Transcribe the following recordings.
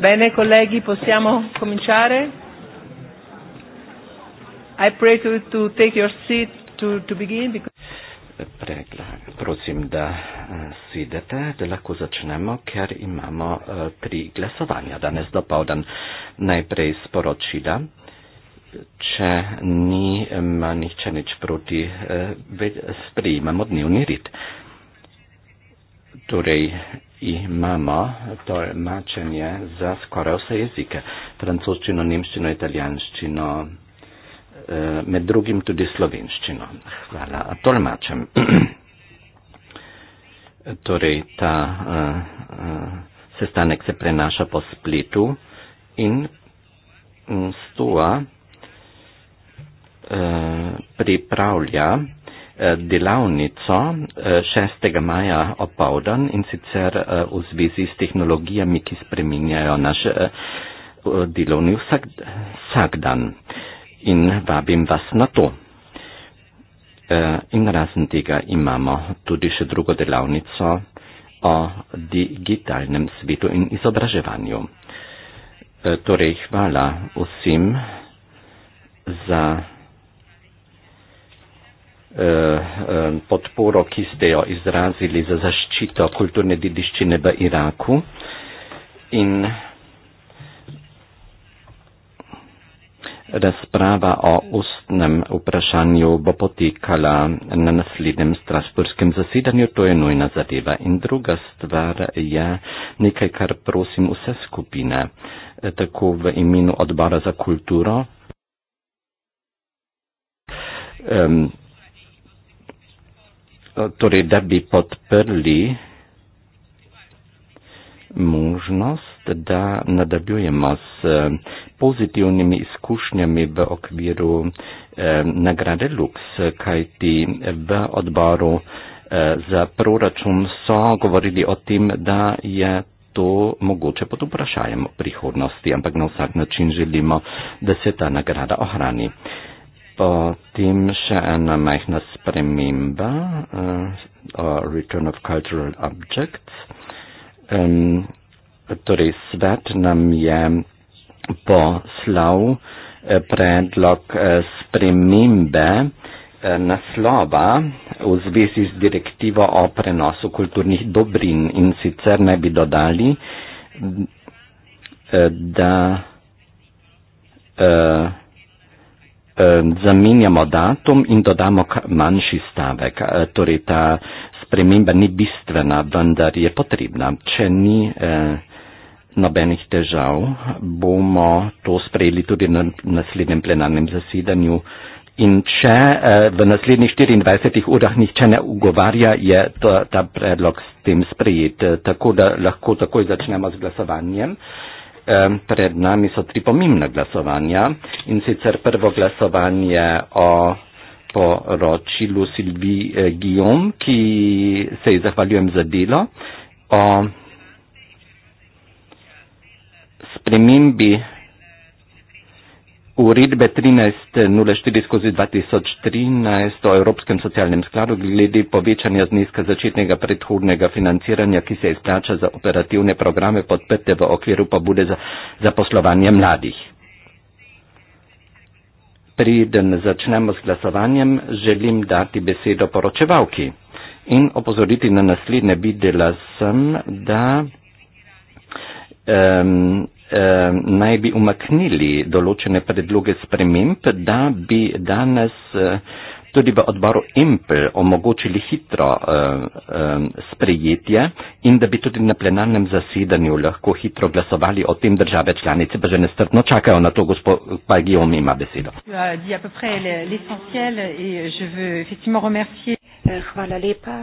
Bene, colleghi, possiamo cominciare? I pray to, to take your seat to, to begin. Prego, prosim da eh, sedete, da lahko začnemo, ker imamo eh, tri glasovanja danes do povdan. Najprej sporočila. Če ni, ima eh, nihče nič proti, sprejmemo dnevni rit której i mama to maczenie za skorelse języka francuszczyno, niemieszczyno, italianszczyno, e, med drugim tudi slovenszczyno. Chwala, a to maczem. torej, ta e, e, sestanek se prenasza po splitu in stua e, pripravlja Eh, delavnico 6. Eh, maja opovdan in sicer eh, v zvezi s tehnologijami, ki spreminjajo naš delovni vsak, vsak dan. In vabim vas na to. In razen tega imamo tudi še drugo delavnico o digitalnem svetu in izobraževanju. Torej, hvala vsem za. Eh, eh, podporo, ki ste jo izrazili za zaščito kulturne dediščine v Iraku. In razprava o ustnem vprašanju bo potekala na naslednjem strasburskem zasedanju, to je nujna zadeva. In druga stvar je nekaj, kar prosim vse skupine, eh, tako v imenu odbora za kulturo. Um, Eh, torej, da bi podprli možnost, da nadaljujemo s eh, pozitivnimi izkušnjami v okviru eh, nagrade Lux, kajti v odboru eh, za proračun so govorili o tem, da je to mogoče pod vprašanjem prihodnosti, ampak na vsak način želimo, da se ta nagrada ohrani. Eh, Potem še ena majhna sprememba, uh, Return of Cultural Objects. Um, torej, svet nam je poslal eh, predlog eh, spremembe naslova v zvezi z direktivo o prenosu kulturnih dobrin in sicer naj bi dodali, da. Uh, Eh, zamenjamo datum in dodamo manjši stavek. Eh, torej ta sprememba ni bistvena, vendar je potrebna. Če ni eh, nobenih težav, bomo to sprejeli tudi na naslednjem plenarnem zasedanju. In če eh, v naslednjih 24 urah nihče ne ugovarja, je ta, ta predlog s tem sprejet. Tako da lahko takoj začnemo z glasovanjem. Eh, pred nami so tri pomembna glasovanja in sicer prvo glasovanje o poročilu Silvi eh, Guillaume, ki se ji zahvaljujem za delo, o spremembi uredbe 13.04 skozi 2013 o Evropskem socialnem skladu glede povečanja zneska začetnega predhodnega financiranja, ki se izplača za operativne programe podprte v okviru pobude za zaposlovanje mladih. Preden začnemo s glasovanjem, želim dati besedo poročevalki in opozoriti na naslednje. Videla sem, da um, eh, naj bi umaknili določene predloge sprememb, da bi danes eh, tudi v odboru Impel omogočili hitro eh, eh, sprejetje in da bi tudi na plenarnem zasedanju lahko hitro glasovali o tem države članice, pa že nestrpno čakajo na to, gospod Pagijom ima besedo. Eh, hvala lepa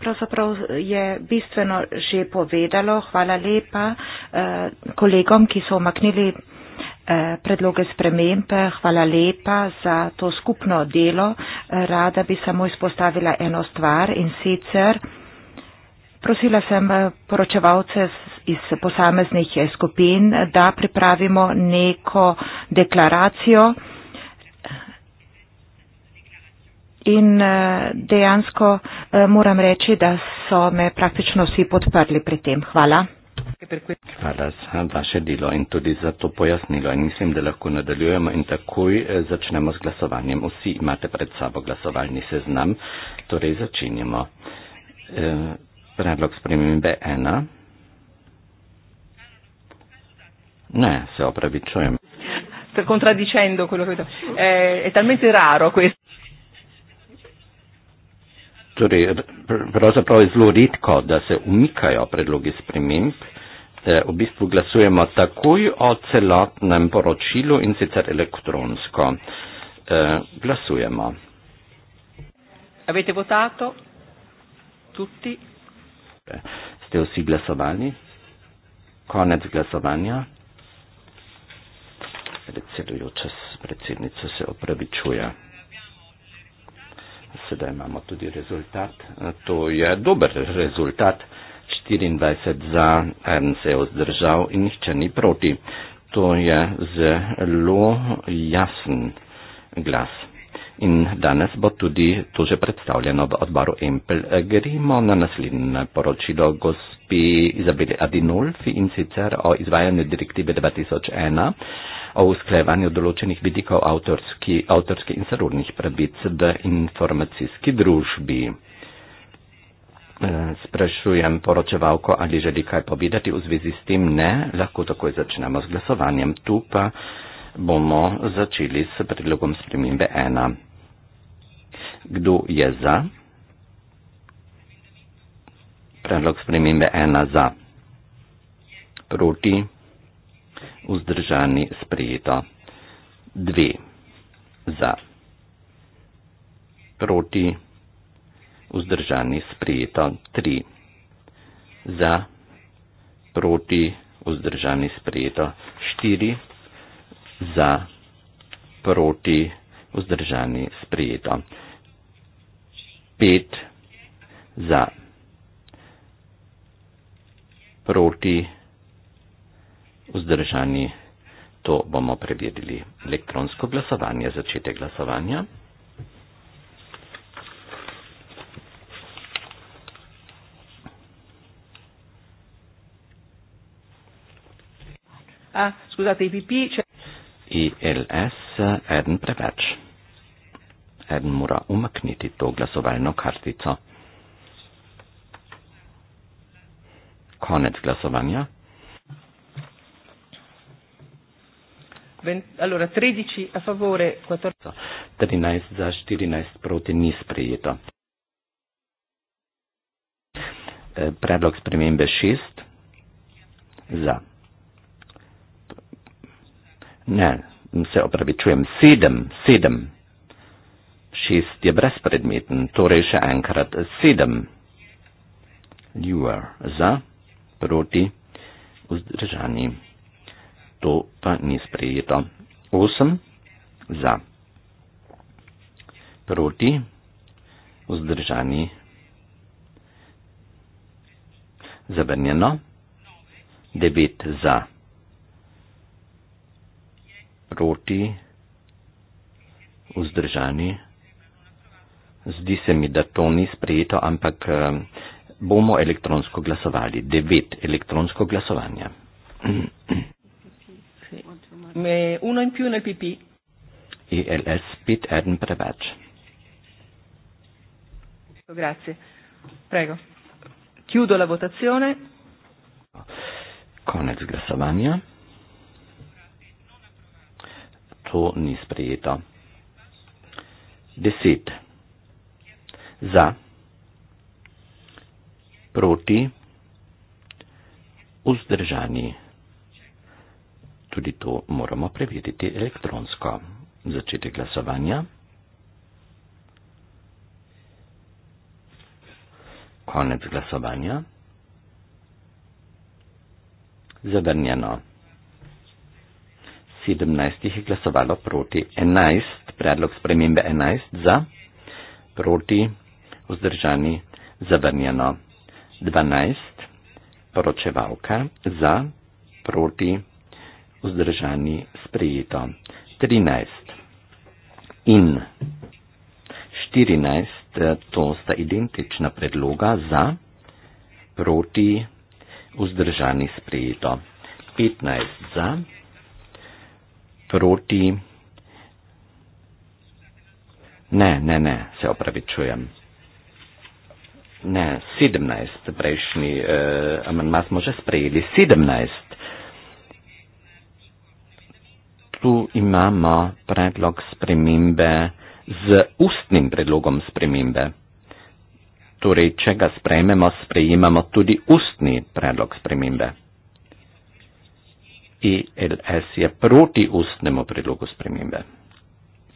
pravzaprav je bistveno že povedalo. Hvala lepa eh, kolegom, ki so omaknili eh, predloge spremembe. Hvala lepa za to skupno delo. Rada bi samo izpostavila eno stvar in sicer. Prosila sem eh, poročevalce iz posameznih eh, skupin, da pripravimo neko deklaracijo in eh, dejansko eh, moram reči, da so me praktično vsi podprli pri tem. Hvala. Hvala za vaše delo in tudi za to pojasnilo. In mislim, da lahko nadaljujemo in takoj eh, začnemo z glasovanjem. Vsi imate pred sabo glasovalni seznam, torej začenjamo. Predlog spremembe 1. Ne, se opravičujem. Contraddicendo quello che ho detto. Eh, è talmente raro questo. Torej, pravzaprav je zelo redko, da se umikajo predlogi sprememb. E, v bistvu glasujemo takoj o celotnem poročilu in sicer elektronsko. E, glasujemo. Avete votato? Tutti? E, ste vsi glasovali? Konec glasovanja. Predsedujoča predsednica se opravičuje sedaj imamo tudi rezultat. To je dober rezultat. 24 za en se je vzdržal in nihče ni proti. To je zelo jasen glas. In danes bo tudi to že predstavljeno v odboru Empel. Gremo na naslednje poročilo gospi Izabeli Adinolfi in sicer o izvajanju direktive 2001 o usklajevanju določenih vidikov avtorski, avtorske in sorodnih pravic v informacijski družbi. E, sprašujem poročevalko, ali želi kaj povedati v zvezi s tem. Ne, lahko takoj začnemo z glasovanjem. Tu pa bomo začeli s predlogom spremembe 1. Kdo je za? Predlog spremembe 1 za. Proti vzdržani sprejeto. Dve. Za. Proti. Vzdržani sprejeto. Tri. Za. Proti. Vzdržani sprejeto. Štiri. Za. Proti. Vzdržani sprejeto. Pet. Za. Proti vzdržani. To bomo preverili elektronsko glasovanje, začete glasovanja. A, skuzate, IPP, če... ILS, eden preveč. Eden mora umakniti to glasovalno kartico. Konec glasovanja. Allora, 13 a favore, 14. 13 za, 14 proti ni sprejeto. E, predlog spremembe 6 za. Ne, se opravičujem, 7, 7. 6 je brezpredmeten, torej še enkrat 7. You are za, proti, vzdržani to pa ni sprejeto. 8. Za. Proti. Vzdržani. Zabrnjeno. 9. Za. Proti. Vzdržani. Zdi se mi, da to ni sprejeto, ampak eh, bomo elektronsko glasovali. 9. Elektronsko glasovanje. uno in più nel PP. ILS Bit Edinburgh Badge. Grazie. Prego. Chiudo la votazione. Con il Grassavagna. To ni sprejeto. Deset. Za. Proti. Vzdržani. Tudi to moramo preveriti elektronsko. Začetek glasovanja. Konec glasovanja. Zavrnjeno. 17 jih je glasovalo proti 11, predlog spremembe 11 za, proti vzdržani zavrnjeno 12, poročevalka za, proti 12 vzdržani sprejeto. 13 in 14, eh, to sta identična predloga za, proti, vzdržani sprejeto. 15 za, proti, ne, ne, ne, se opravičujem. Ne, 17, prejšnji eh, amandma smo že sprejeli, 17 tu imamo predlog spremembe z ustnim predlogom spremembe. Torej, če ga sprejmemo, sprejemamo tudi ustni predlog spremembe. ILS e je proti ustnemu predlogu spremembe.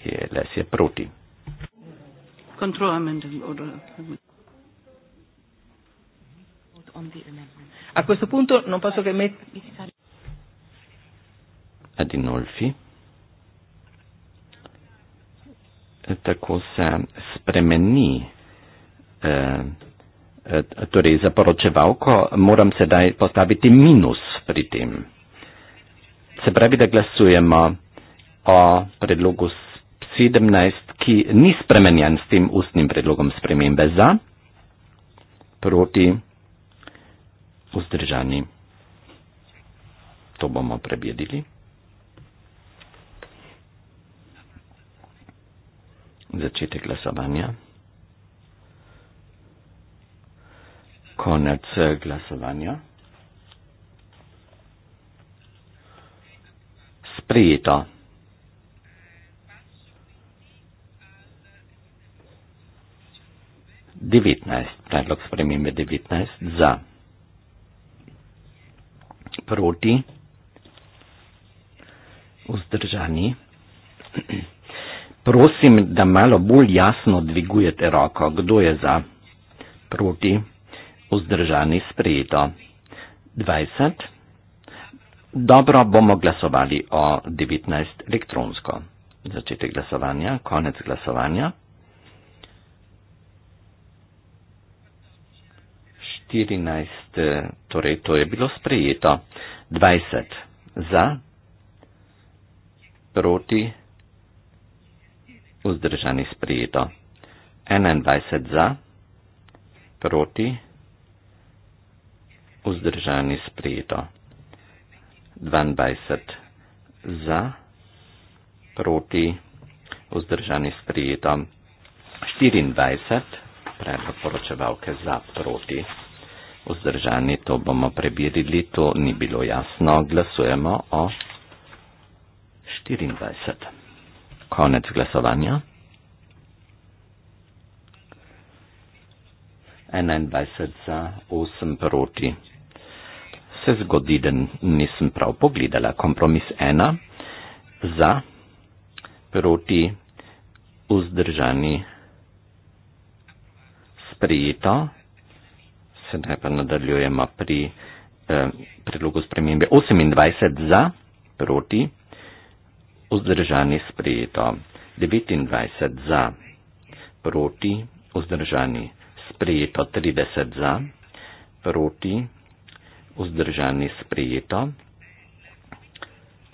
ILS e je proti. A questo punto non posso che mettere. Adinolfi. Tako se spremeni. Eh, eh, torej, za poročevalko moram sedaj postaviti minus pri tem. Se pravi, da glasujemo o predlogu 17, ki ni spremenjen s tem ustnim predlogom spremembe za, proti, vzdržani. To bomo prebjedili. začetek glasovanja. Konec eh, glasovanja. Sprijeto. devetnajst predlog spremembe devetnajst za proti vzdržani Prosim, da malo bolj jasno dvigujete roko, kdo je za, proti, vzdržani sprejeto. 20. Dobro bomo glasovali o 19 elektronsko. Začetek glasovanja, konec glasovanja. 14. Eh, torej, to je bilo sprejeto. 20. Za, proti, vzdržani sprejeto vzdržani sprijeto. 21 za, proti, vzdržani sprijeto. 22 za, proti, vzdržani sprijeto. 24, predlog poročevalke za, proti, vzdržani, to bomo prebirili, to ni bilo jasno, glasujemo o 24 koniec glasovanja. 21 za 8 proti. Se zgodi, da nisem prav pogledala. Kompromis 1 za proti vzdržani sprejeto. Sedaj pa nadaljujemo pri eh, predlogu spremembe. 28 za proti vzdržani sprejeto, 29 za, proti, vzdržani sprejeto, 30 za, proti, vzdržani sprejeto,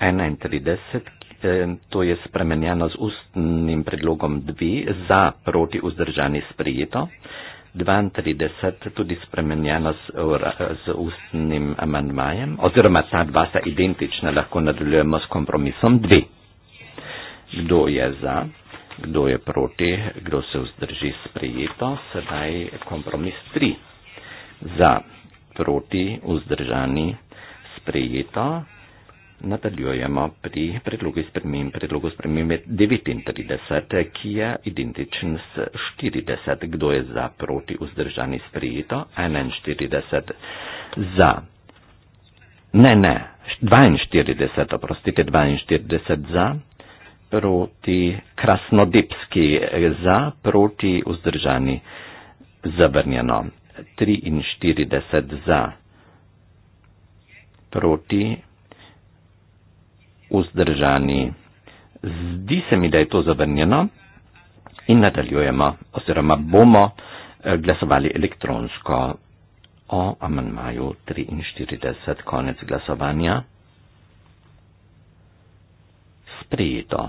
31, eh, to je spremenjeno z ustnim predlogom 2, za, proti, vzdržani sprejeto, 32 tudi spremenjeno z, z ustnim amandmajem, oziroma ta dva sta identična, lahko nadaljujemo s kompromisom 2 kdo je za, kdo je proti, kdo se vzdrži sprejeto, sedaj kompromis 3. Za, proti, vzdržani, sprejeto, nadaljujemo pri predlogu spremim, predlogu spremim 39, ki je identičen s 40, kdo je za, proti, vzdržani, sprejeto, 41 za. Ne, ne, 42, oprostite, 42 za proti krasnodipski za, proti vzdržani zavrnjeno. 43 za, proti vzdržani. Zdi se mi, da je to zavrnjeno in nadaljujemo oziroma bomo eh, glasovali elektronsko o amenmaju 43 konec glasovanja. Sprejeto.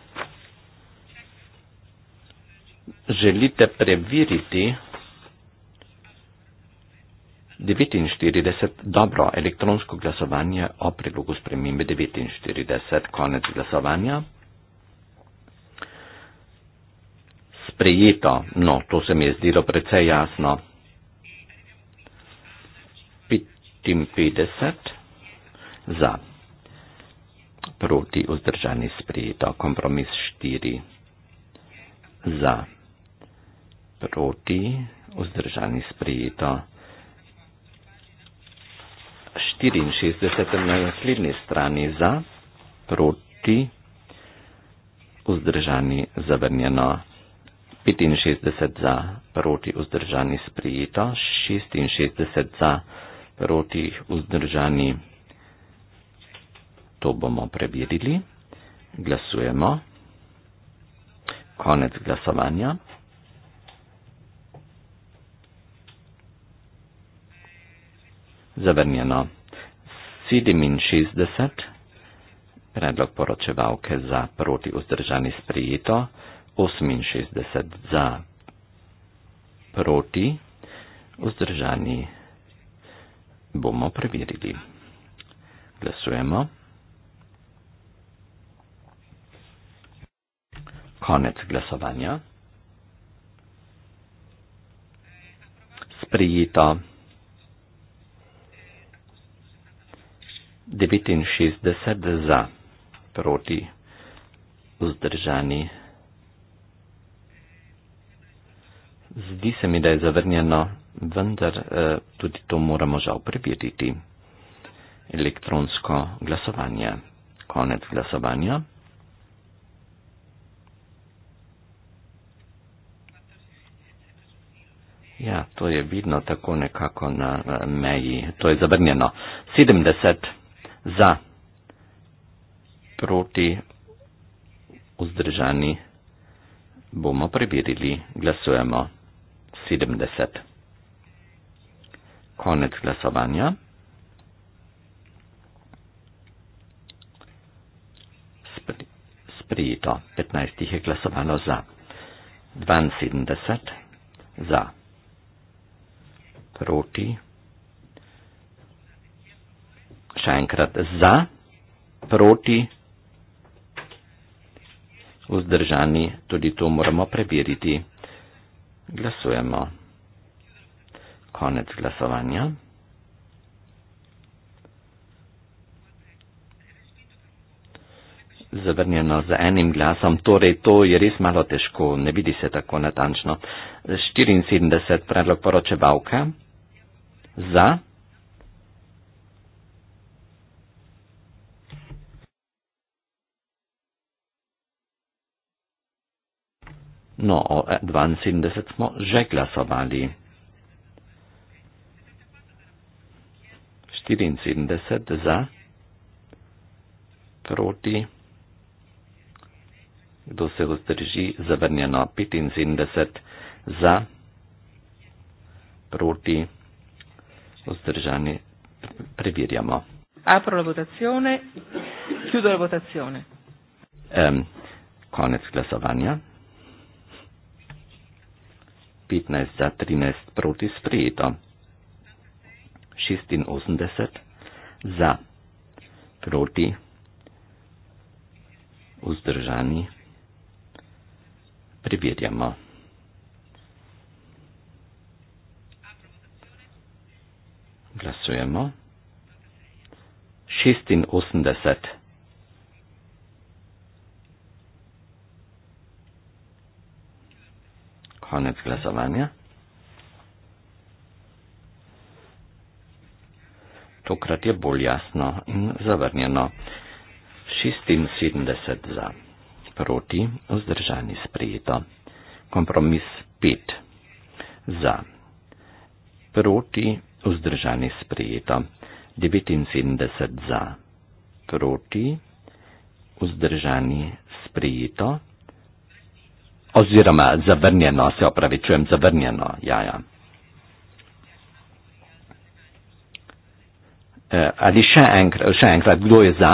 želite preveriti 49 dobro elektronsko glasovanje o predlogu spremembe 49 konec glasovanja. Sprejeto, no, to se mi je zdelo precej jasno. 55 za. Proti vzdržani sprejeto. Kompromis 4 za proti, vzdržani sprejeto. 64 na naslednji strani za, proti, vzdržani zavrnjeno. 65 za, proti, vzdržani sprejeto. 66 za, proti, vzdržani. To bomo preverili. Glasujemo. Konec glasovanja. zavrnjeno. 67. Predlog poročevalke za proti vzdržani sprejeto. 68 za proti vzdržani bomo preverili. Glasujemo. Konec glasovanja. Sprejeto. 69 za, proti, vzdržani. Zdi se mi, da je zavrnjeno, vendar eh, tudi to moramo žal prepiriti. Elektronsko glasovanje. Konec glasovanja. Ja, to je vidno tako nekako na eh, meji. To je zavrnjeno. 70 za proti vzdržani bomo preverili, glasujemo 70. Konec glasovanja. Sprijeto, 15 jih je glasovalo za, 72 za, proti še enkrat za, proti, vzdržani, tudi to moramo preveriti. Glasujemo. Konec glasovanja. Zavrnjeno z enim glasom, torej to je res malo težko, ne vidi se tako natančno. 74 predlog poročevalka za. No, o 72 smo že glasovali. 74 za, proti, kdo se vzdrži, zavrnjeno 75 za, proti, vzdržani, preverjamo. Apro la votazione, chiudo la votazione. Um, konec glasovanja. 15 za 13 proti sprejeto. 86 za proti vzdržani. Preverjamo. Glasujemo. 86. konec glasovanja. Tokrat je bolj jasno in zavrnjeno. 76 za, proti, vzdržani sprejeto. Kompromis 5 za, proti, vzdržani sprejeto. 79 za, proti, vzdržani sprejeto oziroma zavrnjeno, se opravičujem, zavrnjeno jaja. E, ali še enkrat, še enkrat, kdo je za,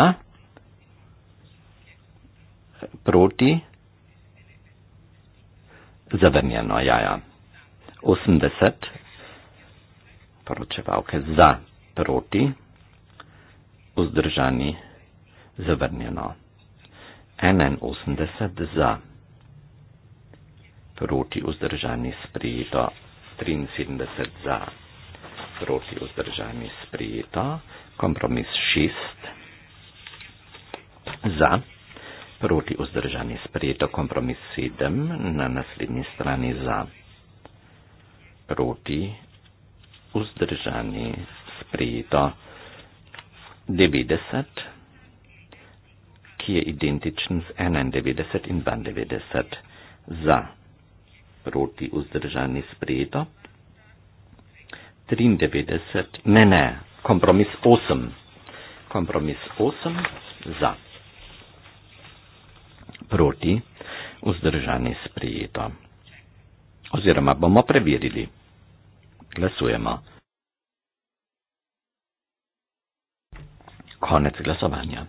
proti, zavrnjeno jaja. 80 poročevalke za, proti, vzdržani, zavrnjeno. 81 za proti vzdržani sprejeto, 73 za proti vzdržani sprejeto, kompromis 6 za proti vzdržani sprejeto, kompromis 7 na naslednji strani za proti vzdržani sprejeto, 90 ki je identičen z 91 in 92 za proti vzdržani sprejeto. 93, ne, ne, kompromis 8. Kompromis 8 za. Proti vzdržani sprejeto. Oziroma bomo preverili. Glasujemo. Konec glasovanja.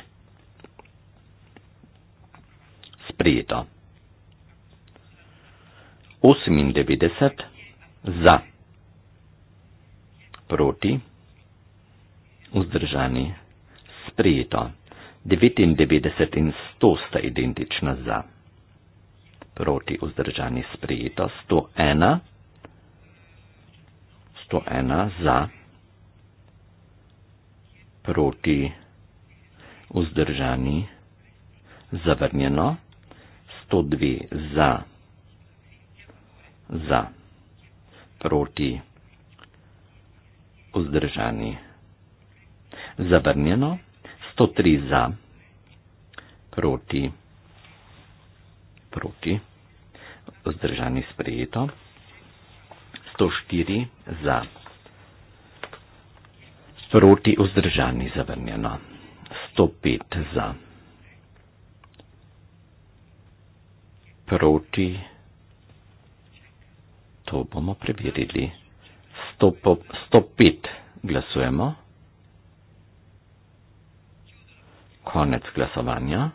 Sprejeto. 98 za, proti, vzdržani, sprijeto. 99 in 100 sta identična za, proti, vzdržani, sprijeto. 101, 101 za, proti, vzdržani, zavrnjeno. 102 za, za, proti, vzdržani. Zabrnjeno, 103 za, proti, proti, vzdržani sprejeto, 104 za, proti, vzdržani zabrnjeno, 105 za, proti, vzdržani to bomo preverili. 105 glasujemo. Konec glasovanja.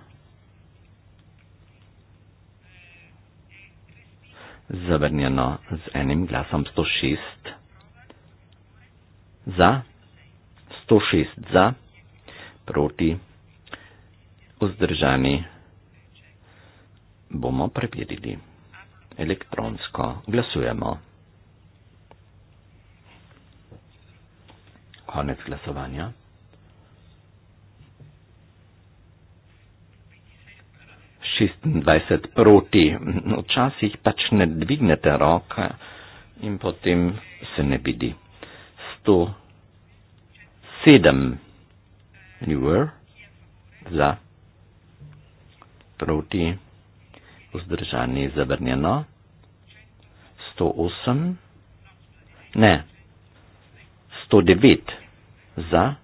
Zavrnjeno z enim glasom 106. Za. 106 za. Proti. Vzdržani. Bomo preverili elektronsko glasujemo. Konec glasovanja. Šestindvajset proti. Včasih pač ne dvignete roke in potem se ne vidi. Sto sedem. You were. За. Проти. Yeah vzdržani, zabrnjeno. 108, ne, 109 za,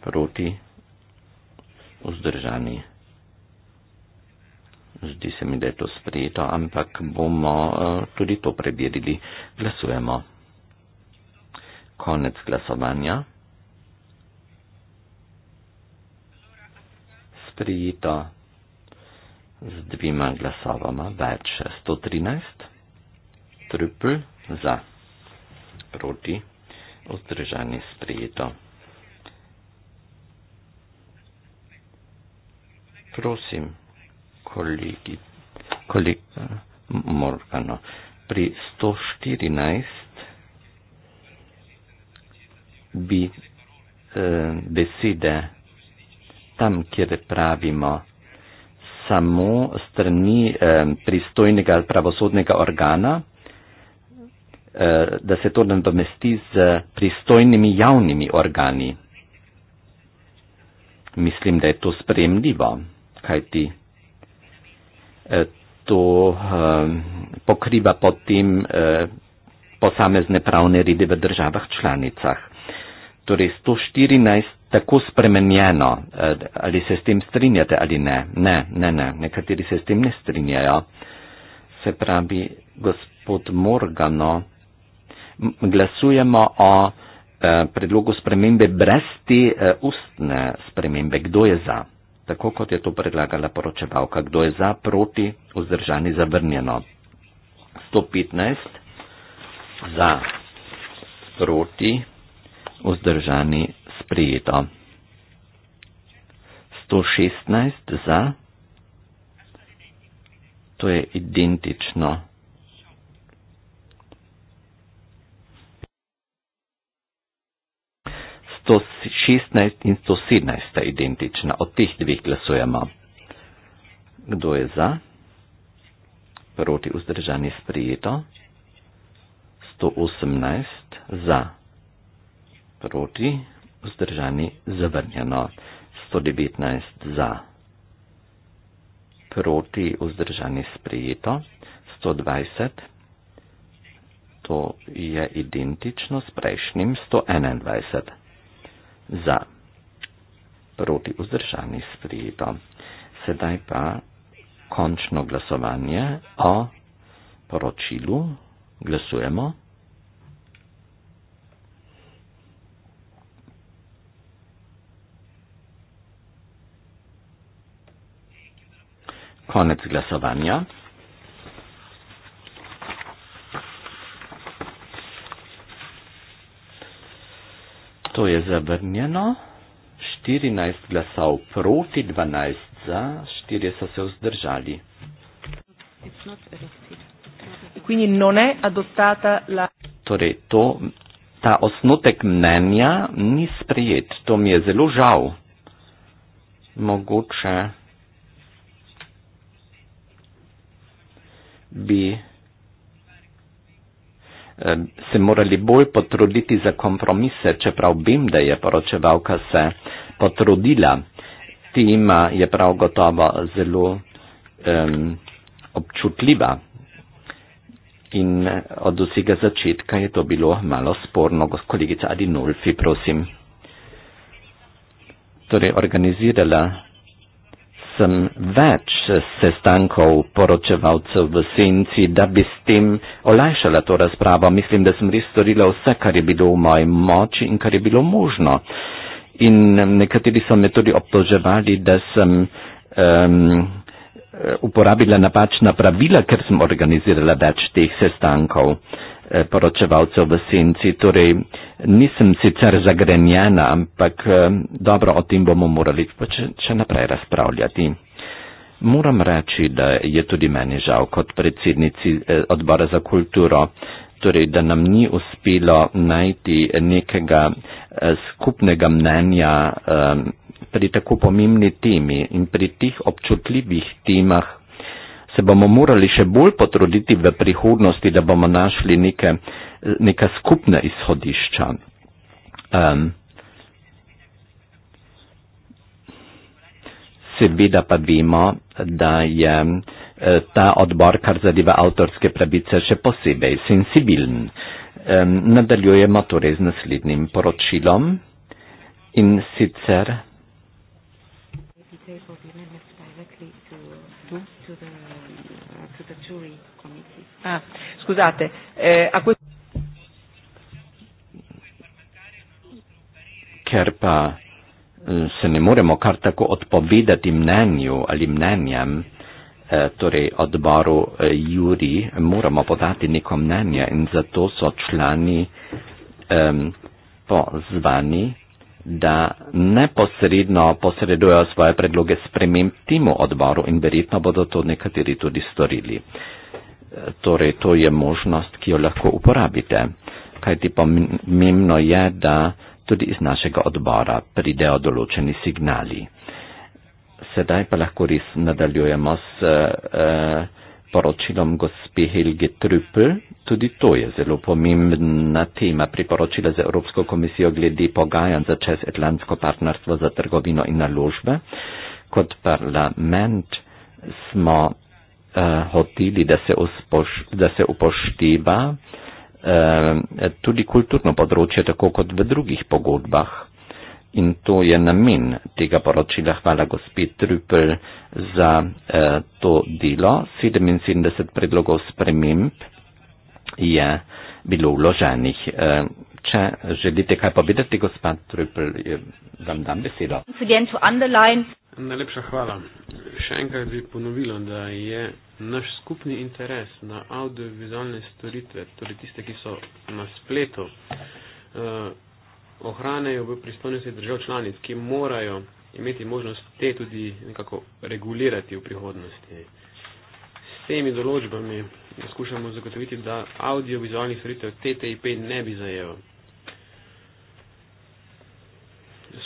proti, vzdržani. Zdi se mi, da je to sprejeto, ampak bomo eh, tudi to preverili. Glasujemo. Konec glasovanja. Sprejeto z dvima glasovama več 113, trupl za, proti, vzdržanje sprejeto. Prosim, kolegi, kolegi, morgano, pri 114 bi eh, besede tam, kjer pravimo, samo strani eh, pristojnega pravosodnega organa, eh, da se to nadomesti z pristojnimi javnimi organi. Mislim, da je to spremljivo, kajti eh, to eh, pokriva potem eh, posamezne pravne ride v državah članicah. Torej 114 tako spremenjeno, eh, ali se s tem strinjate ali ne. Ne, ne, ne, nekateri se s tem ne strinjajo. Se pravi, gospod Morgano, glasujemo o eh, predlogu spremembe brez te eh, ustne spremembe. Kdo je za? Tako kot je to predlagala poročevalka, kdo je za, proti, vzdržani, zavrnjeno. 115 za, proti, vzdržani, sprejeto. 116 za, to je identično. To 16 in 117 sta identična, od teh dveh glasujemo. Kdo je za? Proti vzdržanje sprijeto. 118 za. Proti vzdržani zavrnjeno, 119 za, proti vzdržani sprejeto, 120, to je identično s prejšnjim 121 za, proti vzdržani sprejeto. Sedaj pa končno glasovanje o poročilu. Glasujemo. Konec glasovanja. To je zavrnjeno. 14 glasov proti, 12 za, 4 so se vzdržali. Non è la... Torej, to, ta osnutek mnenja ni sprejet. To mi je zelo žal. Mogoče. bi eh, se morali bolj potruditi za kompromise, čeprav vem, da je poročevalka se potrudila. Tema je prav gotovo zelo um, občutljiva in eh, od vsega začetka je to bilo malo sporno, kolegica Adinolfi, prosim. Torej, organizirala sem več sestankov poročevalcev v senci, da bi s tem olajšala to razpravo. Mislim, da sem res storila vse, kar je bilo v moji moči in kar je bilo možno. In nekateri so me tudi obtoževali, da sem um, uporabila napačna pravila, ker sem organizirala več teh sestankov. Eh, poročevalcev v senci. Torej, nisem sicer zagrenjena, ampak eh, dobro, o tem bomo morali še naprej razpravljati. Moram reči, da je tudi meni žal kot predsednici eh, odbora za kulturo, torej, da nam ni uspelo najti nekega skupnega mnenja pri tako pomembni temi in pri tih občutljivih temah, se bomo morali še bolj potruditi v prihodnosti, da bomo našli neke, neka skupna izhodišča. Um, Seveda pa vemo, da je e, ta odbor, kar zadeva avtorske pravice, še posebej sensibilen. Um, nadaljujemo torej z naslednjim poročilom in sicer. To the jury committee. Ah, scusate, eh, a questo Kerpa, eh, se ne moremo kar tako odpovedati mnenju ali mnenjem, eh, torej odboru eh, Juri, moramo podati neko mnenje in zato so člani um, pozvani da neposredno posredujejo svoje predloge sprememb temu odboru in verjetno bodo to nekateri tudi storili. E, torej, to je možnost, ki jo lahko uporabite, kajti pomembno je, da tudi iz našega odbora pridejo določeni signali. Sedaj pa lahko res nadaljujemo s. Uh, uh, poročilom gospe Helge Trüppel. Tudi to je zelo pomembna tema priporočila za Evropsko komisijo glede pogajanj za čezatlantsko partnerstvo za trgovino in naložbe. Kot parlament smo uh, hoteli, da se, uspoš, da se upošteva uh, tudi kulturno področje, tako kot v drugih pogodbah in to je namen tega poročila. Hvala gospi Trupel za eh, to delo. 77 predlogov sprememb je bilo vloženih. Eh, če želite kaj povedati, gospa Trupel, vam dam besedo. Najlepša hvala. Še enkrat bi ponovila, da je naš skupni interes na audiovizualne storitve, torej tiste, ki so na spletu, eh, ohranejo v pristojnosti držav članic, ki morajo imeti možnost te tudi nekako regulirati v prihodnosti. S temi določbami skušamo zagotoviti, da audiovizualni storitev TTIP ne bi zajel.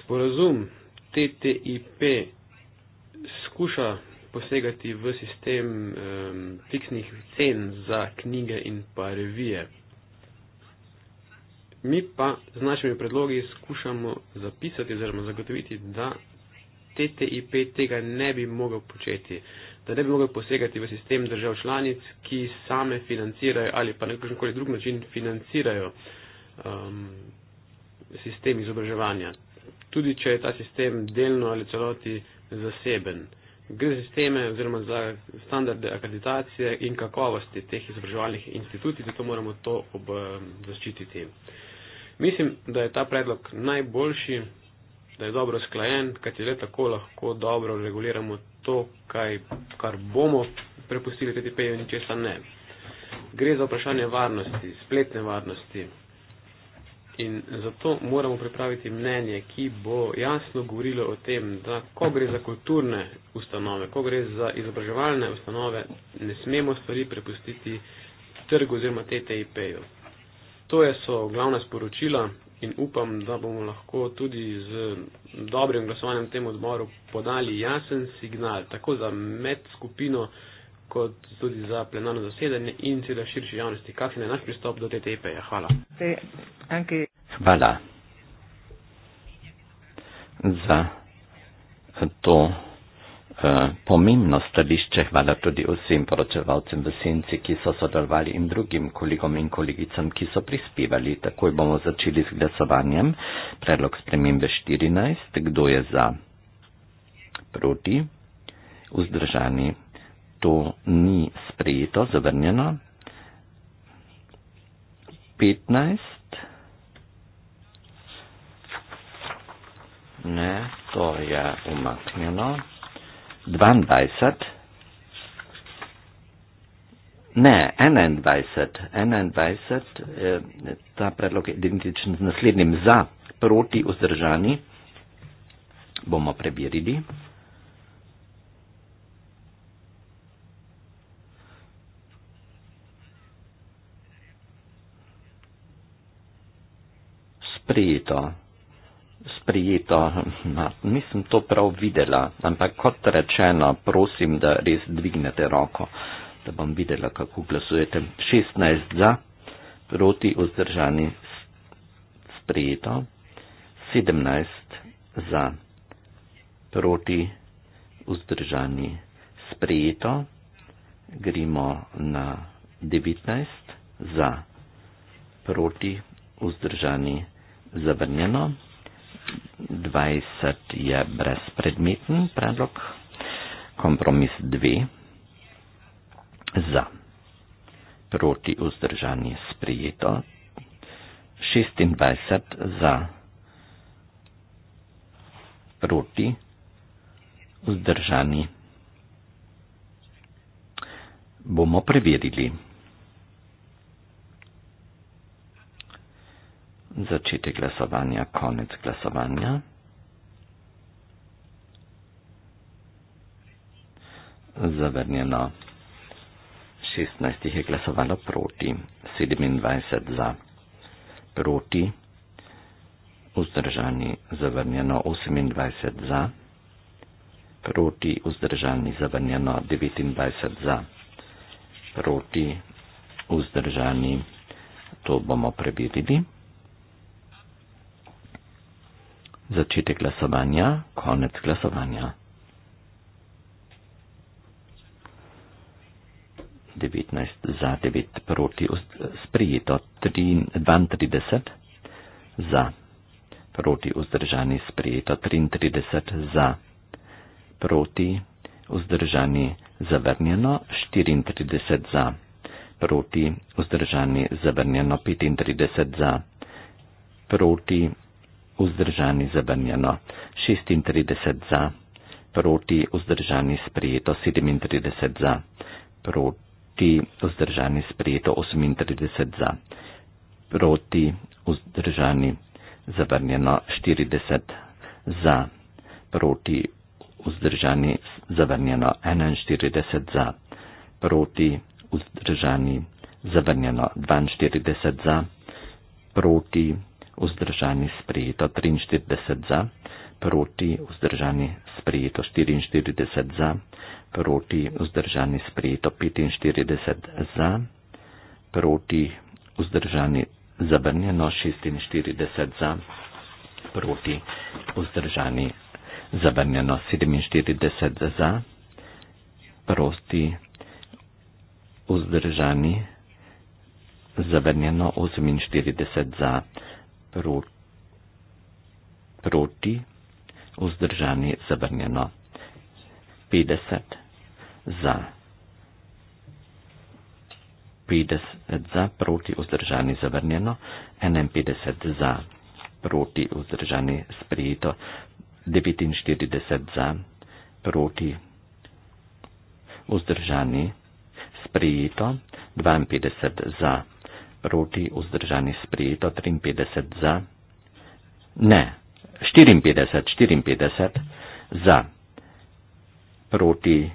Sporazum TTIP skuša posegati v sistem um, fiksnih cen za knjige in pa revije. Mi pa z našimi predlogi skušamo zapisati oziroma zagotoviti, da TTIP tega ne bi mogel početi, da ne bi mogel posegati v sistem držav članic, ki same financirajo ali pa na kakšen koli drug način financirajo um, sistem izobraževanja, tudi če je ta sistem delno ali celoti zaseben. Gre za sisteme oziroma za standarde akreditacije in kakovosti teh izobraževalnih institucij, zato moramo to ob, um, zaščititi. Mislim, da je ta predlog najboljši, da je dobro sklajen, kaj ti le tako lahko dobro reguliramo to, kaj, kar bomo prepustili TTP-ju in česa ne. Gre za vprašanje varnosti, spletne varnosti. In zato moramo pripraviti mnenje, ki bo jasno govorilo o tem, da ko gre za kulturne ustanove, ko gre za izobraževalne ustanove, ne smemo stvari prepustiti trgu oziroma TTIP-ju. To je so glavna sporočila in upam, da bomo lahko tudi z dobrim glasovanjem tem odboru podali jasen signal, tako za med skupino, kot tudi za plenarno zasedanje in seveda širši javnosti. Kakšen je naš pristop do TTIP-ja? Hvala. Hvala za to. Eh, pomembno stališče, hvala tudi vsem poročevalcem v senci, ki so sodelovali in drugim kolegom in kolegicam, ki so prispevali. Takoj bomo začeli z glasovanjem. Predlog spremembe 14. Kdo je za? Proti? Vzdržani? To ni sprejeto, zavrnjeno. 15. Ne, to je umaknjeno. 22. Ne, 21. 21 eh, ta predlog je identičen z naslednjim za, proti, vzdržani. Bomo preverili. Sprijeto sprijeto, nisem to prav videla, ampak kot rečeno, prosim, da res dvignete roko, da bom videla, kako glasujete. 16 za, proti vzdržani sprijeto, 17 za, proti vzdržani sprijeto, gremo na 19 za, proti vzdržani. Zavrnjeno. 20 je brezpredmeten predlog, kompromis 2 za, proti vzdržanje sprijeto, 26 za, proti vzdržanje. Bomo preverili. začetek glasovanja, konec glasovanja. Zavrnjeno. 16 jih je glasovalo proti, 27 za proti, vzdržani zavrnjeno 28 za proti, vzdržani zavrnjeno 29 za proti, vzdržani to bomo preverili. začetek glasovanja, konec glasovanja. 19 za 9 proti sprijeto, 32 za proti vzdržani sprijeto, 33 za proti vzdržani zavrnjeno, 34 za proti vzdržani zavrnjeno, 35 za proti vzdržani zabrnjeno, 36 za, proti vzdržani sprejeto 37 za, proti vzdržani sprejeto 38 za, proti vzdržani zabrnjeno 40 za, proti vzdržani zabrnjeno 41 za, proti vzdržani zabrnjeno 42 za, proti vzdržani zabrnjeno 42 za, proti vzdržani sprijeto 43 za, proti vzdržani sprijeto 44 za, proti vzdržani sprijeto 45 za, proti vzdržani zabrnjeno 46 za, proti vzdržani zabrnjeno 47 za, proti vzdržani zabrnjeno 48 za, proti, vzdržani, zabrnjeno. 50 za. 50 za, proti, vzdržani, zavrnjeno. 51 za, proti, vzdržani, sprejeto. 49 za, proti, vzdržani, sprejeto. 52 za, proti, vzdržani sprejeto, 53 za. Ne, 54, 54 za. Proti,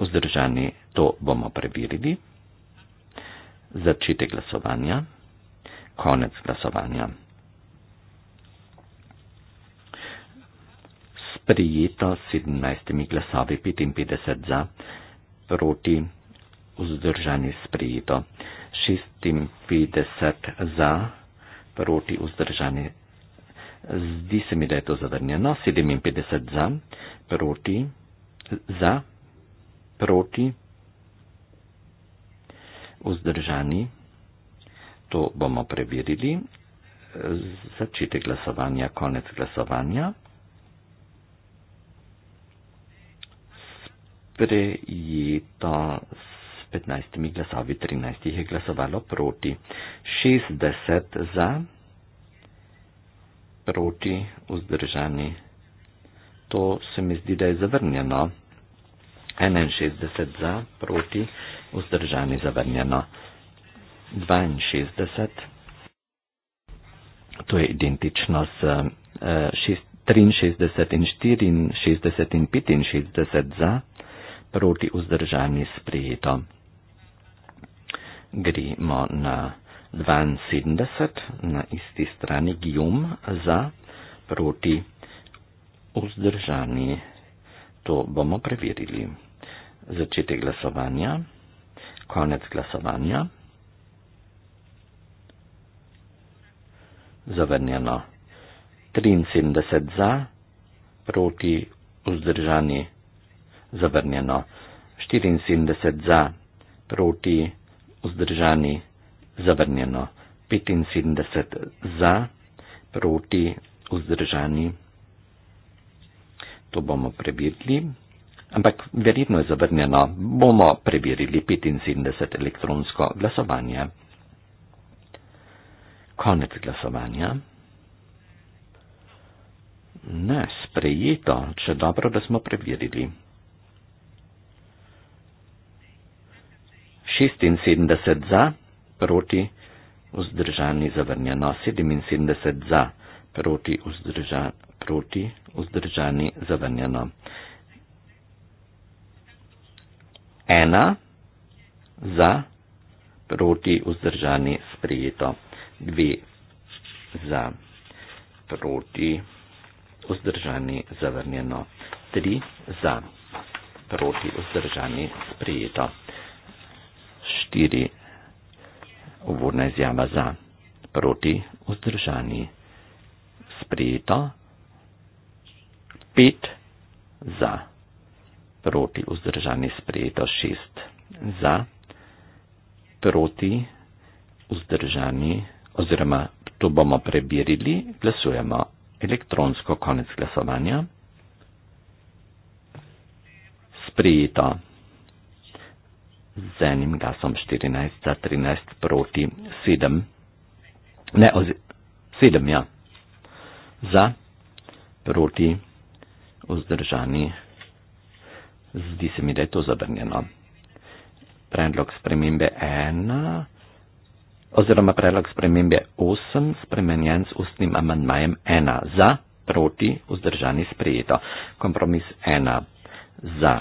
vzdržani, to bomo preverili. Začetek glasovanja, konec glasovanja. Prijeto 17 glasovi 55 za, proti vzdržani sprijeto 56 za, proti vzdržani. Zdi se mi, da je to zavrnjeno. 57 za, proti, za, proti, vzdržani. To bomo preverili. Začetek glasovanja, konec glasovanja. Sprejeto 15 glasovi, 13 je glasovalo proti, 60 za, proti, vzdržani. To se mi zdi, da je zavrnjeno. 61 za, proti, vzdržani, zavrnjeno. 62. To je identično s 63 eh, in 64 in 65 za, proti vzdržani sprejeto gremo na 72, na isti strani gjum za proti vzdržani. To bomo preverili. Začetek glasovanja, konec glasovanja. Zavrnjeno 73 za, proti vzdržani. Zavrnjeno 74 za, proti vzdržani vzdržani, zavrnjeno 75 za, proti vzdržani. To bomo prebirli, ampak verjetno je zavrnjeno, bomo prebirili 75 elektronsko glasovanje. Konec glasovanja. Ne, sprejeto, če dobro, da smo prebirili. 76 za, proti, vzdržani, zavrnjeno, 77 za, proti, vzdrža, proti vzdržani, zavrnjeno. 1 za, proti, vzdržani, sprejeto. 2 za, proti, vzdržani, zavrnjeno. 3 za, proti, vzdržani, sprejeto. 4. Uvodna izjava za proti vzdržani. Sprejeto. 5. Za proti vzdržani. Sprejeto. 6. Za proti vzdržani. Oziroma, to bomo prebirili. Glasujemo elektronsko konec glasovanja. Sprejeto z enim glasom 14 za 13 proti 7. Ne, oz, 7, ja. Za, proti, vzdržani. Zdi se mi, da je to zabrnjeno. Predlog spremembe 1, oziroma predlog spremembe 8, spremenjen s ustnim amandmajem 1. Za, proti, vzdržani, sprejeto. Kompromis 1. Za,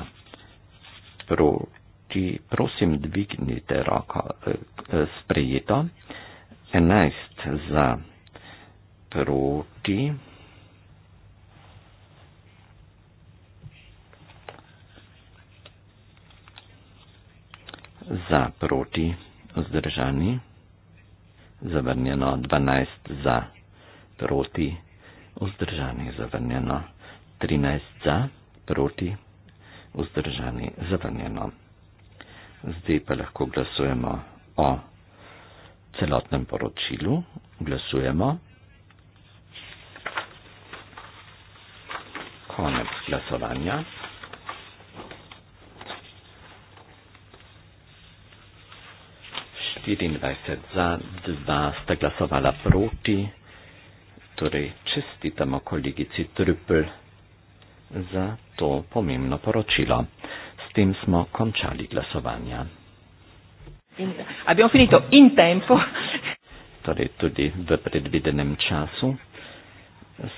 proti biti prosim dvignite roko eh, eh, sprejeto. 11 za proti. 11 za proti vzdržani. Zavrnjeno 12 za proti vzdržani. Zavrnjeno 13 za proti vzdržani. Zavrnjeno 13. Zdaj pa lahko glasujemo o celotnem poročilu. Glasujemo. Konec glasovanja. za dva sta glasovala proti, torej čestitamo kolegici Trupl za to pomembno poročilo tem smo končali glasovanja. In, abbiamo finito in tempo. Torej tudi v predvidenem času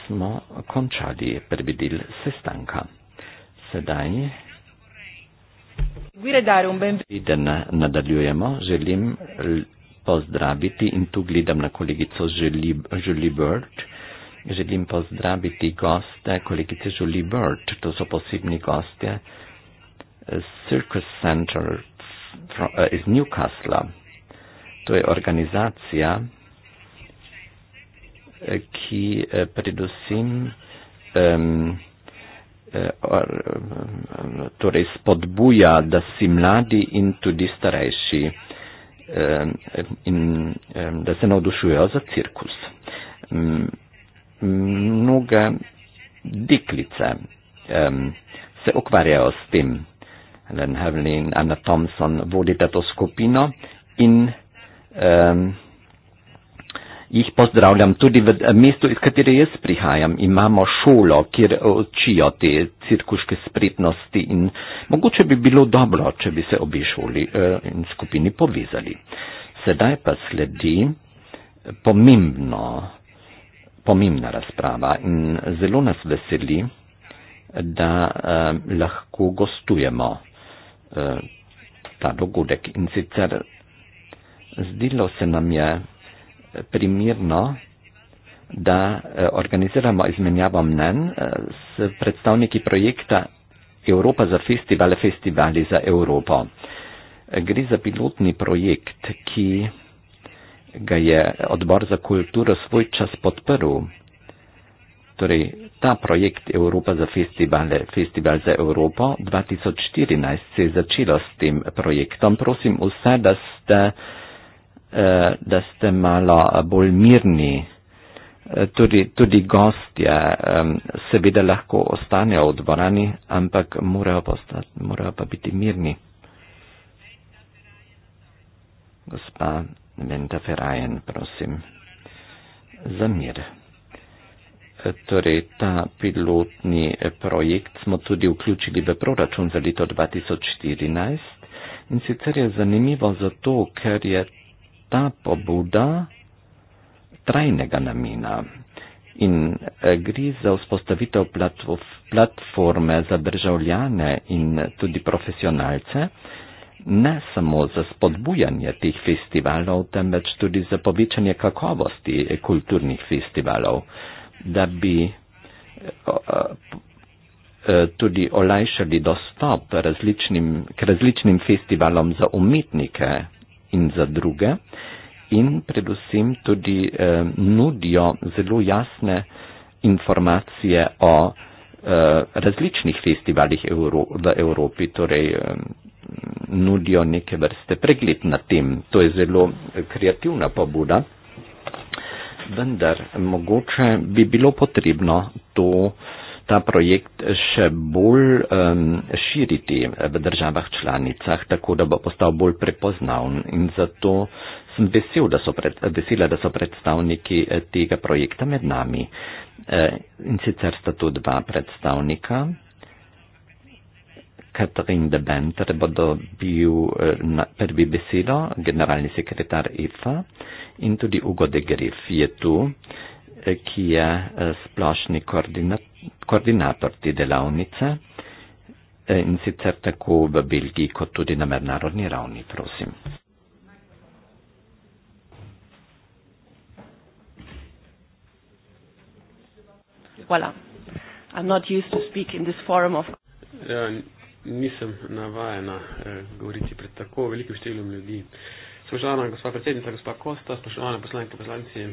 smo končali predvidil sestanka. Sedaj. Preden nadaljujemo, želim pozdraviti in tu gledam na kolegico Julie Bird. Želim pozdraviti goste, kolegice Julie Bird, to so posebni gostje Circus Center uh, iz Newcastle. To je organizacija, eh, ki eh, predvsem um, or, torej spodbuja, da si mladi in tudi starejši um, in um, da se navdušujejo za cirkus. Mnoge deklice um, se ukvarjajo s tem. Alan Hamlin, Anna Thompson, vodita to skupino in um, jih pozdravljam tudi v eh, mestu, iz katere jaz prihajam. Imamo šolo, kjer učijo te cirkuške spretnosti in mogoče bi bilo dobro, če bi se obi šoli uh, in skupini povezali. Sedaj pa sledi pomembno, pomembna razprava in zelo nas veseli, da uh, lahko gostujemo. Eh, ta dogodek in sicer zdilo se nam je eh, primirno, da eh, organiziramo izmenjavo mnen s predstavniki projekta Evropa za festivale, festivali za Evropo. Gre za pilotni projekt, ki ga je odbor za kulturo svoj čas podprl. Torej, ta projekt Evropa za festivale, Festival za Evropo 2014 se je začelo s tem projektom. Prosim vse, da ste, eh, da ste malo bolj mirni. Eh, tudi, tudi gostje seveda lahko ostanejo v dvorani, ampak morajo, postati, morajo pa biti mirni. Gospa Venta Ferajen, prosim, za mir. Torej, ta pilotni eh, projekt smo tudi vključili v proračun za leto 2014 in sicer je zanimivo zato, ker je ta pobuda trajnega namena in eh, gre za vzpostavitev platforme za državljane in tudi profesionalce, ne samo za spodbujanje teh festivalov, temveč tudi za povečanje kakovosti eh, kulturnih festivalov da bi eh, eh, eh, tudi olajšali dostop različnim, k različnim festivalom za umetnike in za druge in predvsem tudi nudijo zelo jasne informacije o različnih festivalih v Evropi, torej nudijo neke vrste pregled na tem. To je zelo kreativna pobuda vendar mogoče bi bilo potrebno to, ta projekt še bolj um, širiti v državah članicah, tako da bo postal bolj prepoznavn in zato sem vesel, da so, pred, vesela, da so predstavniki eh, tega projekta med nami. Eh, in sicer sta tu dva predstavnika. Catherine de Bentre bodo bil eh, na prvi besedo, generalni sekretar IFA e in tudi Ugo de Grif je tu, eh, ki je eh, splošni koordina koordinator te delavnice in sicer tako v Belgiji kot tudi na mednarodni ravni, prosim. Hvala. Voilà. Ja, nisem navajena eh, govoriti pred tako velikim številom ljudi. Spoštovana gospa predsednica, gospa Kosta, spoštovane poslanke, poslanci,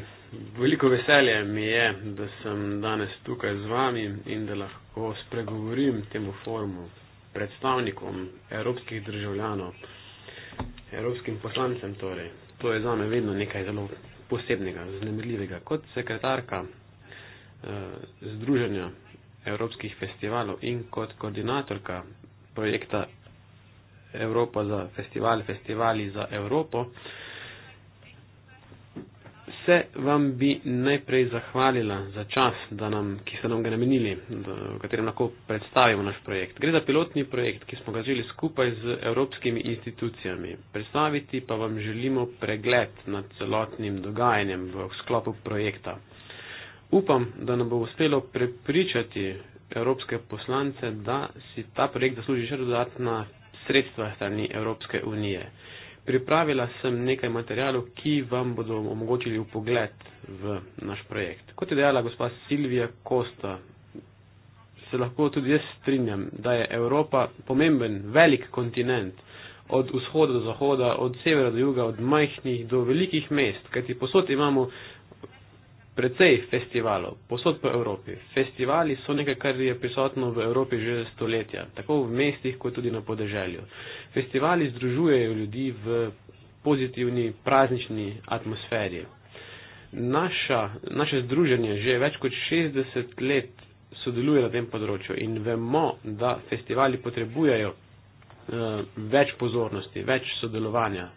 veliko veselje mi je, da sem danes tukaj z vami in da lahko spregovorim temu forumu predstavnikom evropskih državljanov, evropskim poslancem torej. To je zame vedno nekaj zelo posebnega, znemirljivega. Kot sekretarka eh, Združenja evropskih festivalov in kot koordinatorka projekta Evropa za festival, festivali za Evropo. Se vam bi najprej zahvalila za čas, da nam, ki ste nam ga namenili, v katerem lahko predstavimo naš projekt. Gre za pilotni projekt, ki smo ga želeli skupaj z evropskimi institucijami. Predstaviti pa vam želimo pregled nad celotnim dogajanjem v sklopu projekta. Upam, da nam bo uspelo prepričati evropske poslance, da si ta projekt zasluži še dodatna sredstva strani Evropske unije. Pripravila sem nekaj materijalov, ki vam bodo omogočili upogled v naš projekt. Kot je dejala gospa Silvija Kosta, se lahko tudi jaz strinjam, da je Evropa pomemben, velik kontinent, od vzhoda do zahoda, od severa do juga, od majhnih do velikih mest, kajti posod imamo precej festivalov, posod po Evropi. Festivali so nekaj, kar je prisotno v Evropi že stoletja, tako v mestih, kot tudi na podeželju. Festivali združujejo ljudi v pozitivni praznični atmosferi. Naša, naše združenje že več kot 60 let sodeluje na tem področju in vemo, da festivali potrebujejo uh, več pozornosti, več sodelovanja.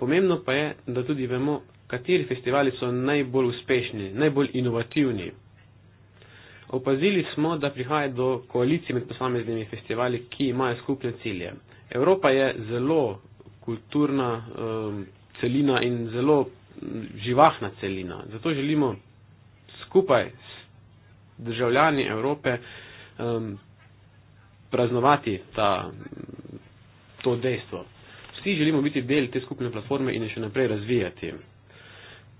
Pomembno pa je, da tudi vemo, kateri festivali so najbolj uspešni, najbolj inovativni. Opazili smo, da prihaja do koalicij med posameznimi festivali, ki imajo skupne cilje. Evropa je zelo kulturna um, celina in zelo živahna celina. Zato želimo skupaj s državljani Evrope um, praznovati ta, to dejstvo. Vsi želimo biti del te skupne platforme in jo še naprej razvijati.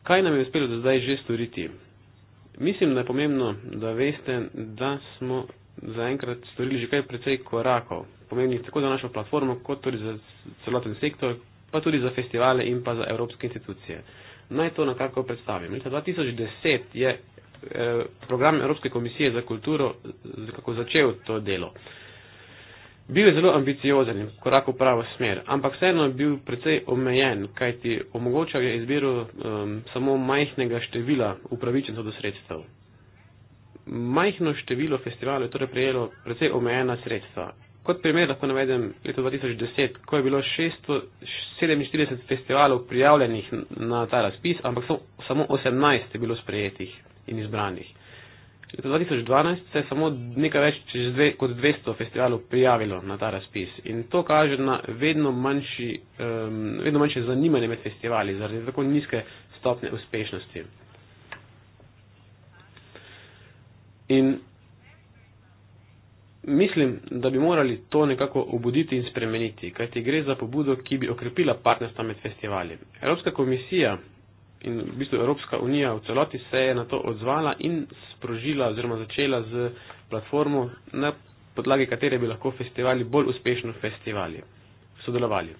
Kaj nam je uspelo do zdaj že storiti? Mislim, da je pomembno, da veste, da smo zaenkrat storili že kaj precej korakov, pomembnih tako za našo platformo, kot tudi za celoten sektor, pa tudi za festivale in pa za evropske institucije. Naj to nekako predstavim. Leta 2010 je eh, program Evropske komisije za kulturo začel to delo. Eh, Bil je zelo ambiciozen in korak v pravo smer, ampak vseeno je bil precej omejen, kajti omogočal je izbiro um, samo majhnega števila upravičencev do sredstev. Majhno število festivalov je torej prejelo precej omejena sredstva. Kot primer lahko navedem leto 2010, ko je bilo 647 festivalov prijavljenih na ta razpis, ampak so, samo 18 je bilo sprejetih in izbranih. 2012 se je samo nekaj več dve, kot 200 festivalov prijavilo na ta razpis in to kaže na vedno, manjši, um, vedno manjše zanimanje med festivali zaradi tako nizke stopne uspešnosti. In mislim, da bi morali to nekako obuditi in spremeniti, kajti gre za pobudo, ki bi okrepila partnerstva med festivali. Evropska komisija In v bistvu Evropska unija v celoti se je na to odzvala in sprožila oziroma začela z platformo, na podlagi katere bi lahko festivali bolj uspešno festivali, sodelovali.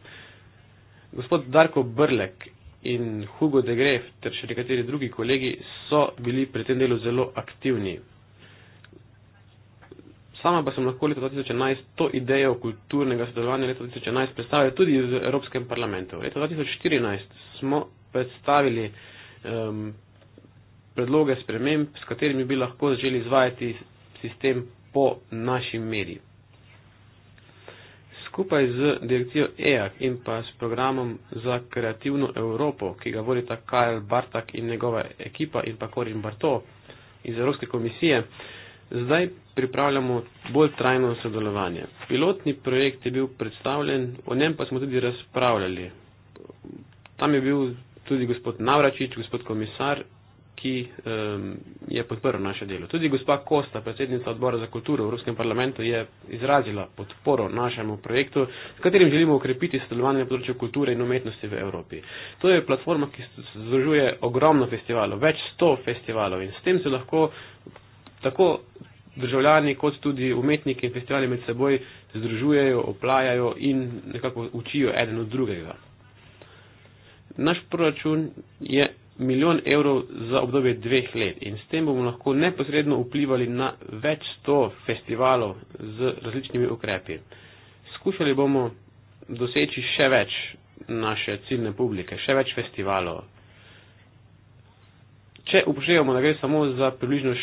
Gospod Darko Brlek in Hugo de Gref ter še nekateri drugi kolegi so bili pri tem delu zelo aktivni. Sama pa sem lahko leta 2011 to idejo kulturnega sodelovanja leta 2011 predstavila tudi v Evropskem parlamentu. Leta 2014 smo predstavili um, predloge sprememb, s katerimi bi lahko začeli izvajati sistem po naši meri. Skupaj z direkcijo EAC in pa s programom za kreativno Evropo, ki ga vodita Karel Bartak in njegova ekipa in pa Korin Barto iz Evropske komisije, zdaj pripravljamo bolj trajno sodelovanje. Pilotni projekt je bil predstavljen, o njem pa smo tudi razpravljali. Tam je bil tudi gospod Navračič, gospod komisar, ki um, je podprl naše delo. Tudi gospa Kosta, predsednica odbora za kulturo v Ruskem parlamentu, je izrazila podporo našemu projektu, s katerim želimo ukrepiti sodelovanje na področju kulture in umetnosti v Evropi. To je platforma, ki združuje ogromno festivalov, več sto festivalov in s tem se lahko tako državljani kot tudi umetniki in festivali med seboj združujejo, oplajajo in nekako učijo eden od drugega. Naš proračun je milijon evrov za obdobje dveh let in s tem bomo lahko neposredno vplivali na več sto festivalov z različnimi ukrepi. Skušali bomo doseči še več naše ciljne publike, še več festivalov. Če upoštevamo, da gre samo za približno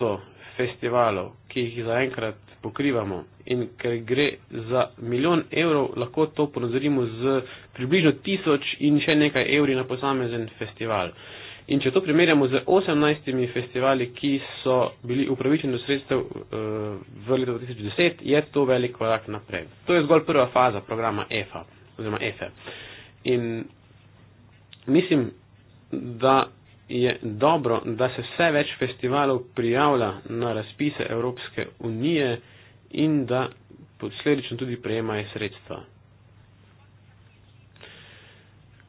600 festivalov, ki jih zaenkrat pokrivamo. In ker gre za milijon evrov, lahko to ponazorimo z približno tisoč in še nekaj evri na posamezen festival. In če to primerjamo z 18 festivali, ki so bili upravičeni do sredstev eh, v letu 2010, je to velik korak naprej. To je zgolj prva faza programa EFA. Oziroma EFE. E. In mislim, da je dobro, da se vse več festivalov prijavlja na razpise Evropske unije in da posledično tudi prejemajo sredstva.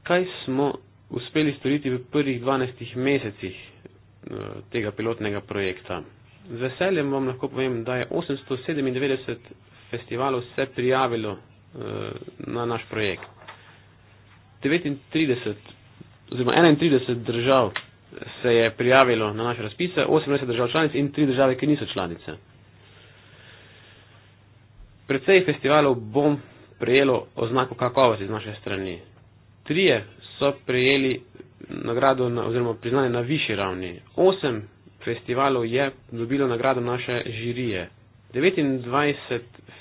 Kaj smo uspeli storiti v prvih 12 mesecih eh, tega pilotnega projekta? Z veseljem vam lahko povem, da je 897 festivalov se prijavilo eh, na naš projekt. 39 oziroma 31 držav se je prijavilo na naše razpise, 18 držav članic in 3 države, ki niso članice. Predvsej festivalov bom prejelo oznako kakovosti z naše strani. Trije so prejeli nagrado na, oziroma priznanje na višji ravni. Osem festivalov je dobilo nagrado naše žirije. 29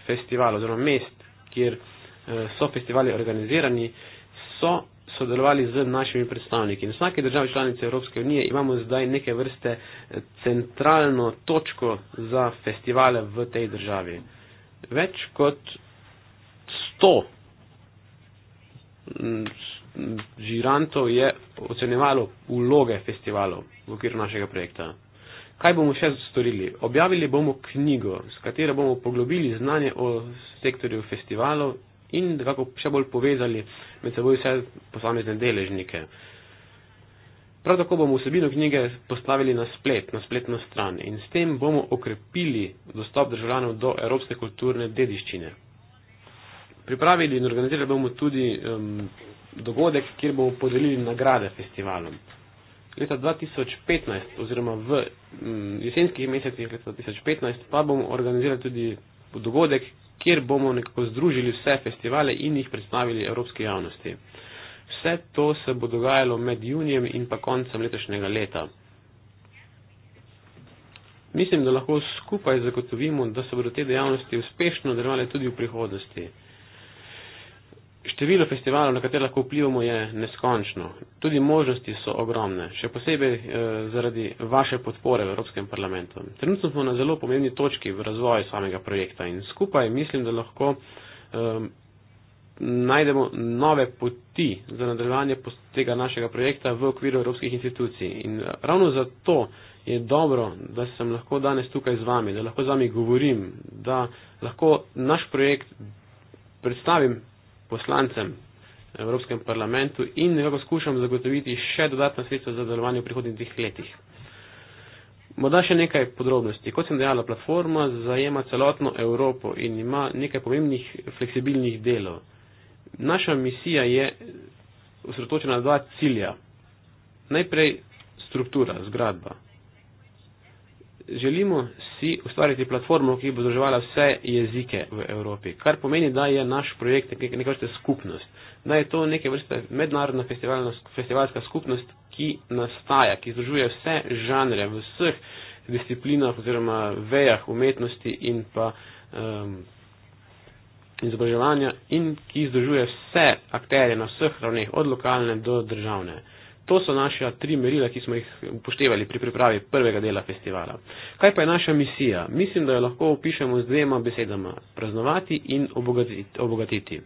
festivalov oziroma mest, kjer eh, so festivali organizirani, so sodelovali z našimi predstavniki. In v vsake države članice Evropske unije imamo zdaj neke vrste eh, centralno točko za festivale v tej državi. Več kot sto mm, žirantov je ocenjevalo uloge festivalov v okviru našega projekta. Kaj bomo še storili? Objavili bomo knjigo, s katero bomo poglobili znanje o sektorju festivalov in nekako še bolj povezali med seboj vse posamezne deležnike. Prav tako bomo vsebino knjige postavili na splet, na spletno stran in s tem bomo okrepili dostop državljanov do evropske kulturne dediščine. Pripravili in organizirali bomo tudi um, dogodek, kjer bomo podelili nagrade festivalom. Leta 2015 oziroma v mm, jesenskih mesecih leta 2015 pa bomo organizirali tudi dogodek, kjer bomo nekako združili vse festivale in jih predstavili evropski javnosti. Vse to se bo dogajalo med junijem in pa koncem letošnjega leta. Mislim, da lahko skupaj zagotovimo, da se bodo te dejavnosti uspešno delovale tudi v prihodnosti. Število festivalov, na katere lahko vplivamo, je neskončno. Tudi možnosti so ogromne, še posebej eh, zaradi vaše podpore v Evropskem parlamentu. Trenutno smo na zelo pomembni točki v razvoju samega projekta in skupaj mislim, da lahko eh, najdemo nove poti za nadaljevanje tega našega projekta v okviru evropskih institucij. In eh, ravno zato je dobro, da sem lahko danes tukaj z vami, da lahko z vami govorim, da lahko naš projekt predstavim poslancem v Evropskem parlamentu in nekako skušam zagotoviti še dodatna sredstva za delovanje v prihodnjih dveh letih. Morda še nekaj podrobnosti. Kot sem dejala, platforma zajema celotno Evropo in ima nekaj pomembnih fleksibilnih delov. Naša misija je osredotočena na dva cilja. Najprej struktura, zgradba želimo si ustvariti platformo, ki bo združevala vse jezike v Evropi, kar pomeni, da je naš projekt nekaj vrste skupnost. Da je to nekaj vrste mednarodna festivalska skupnost, ki nastaja, ki združuje vse žanre v vseh disciplinah oziroma vejah umetnosti in pa um, izobraževanja in ki združuje vse akterje na vseh ravneh, od lokalne do državne. To so naša tri merila, ki smo jih upoštevali pri pripravi prvega dela festivala. Kaj pa je naša misija? Mislim, da jo lahko opišemo z dvema besedama. Praznovati in obogatiti.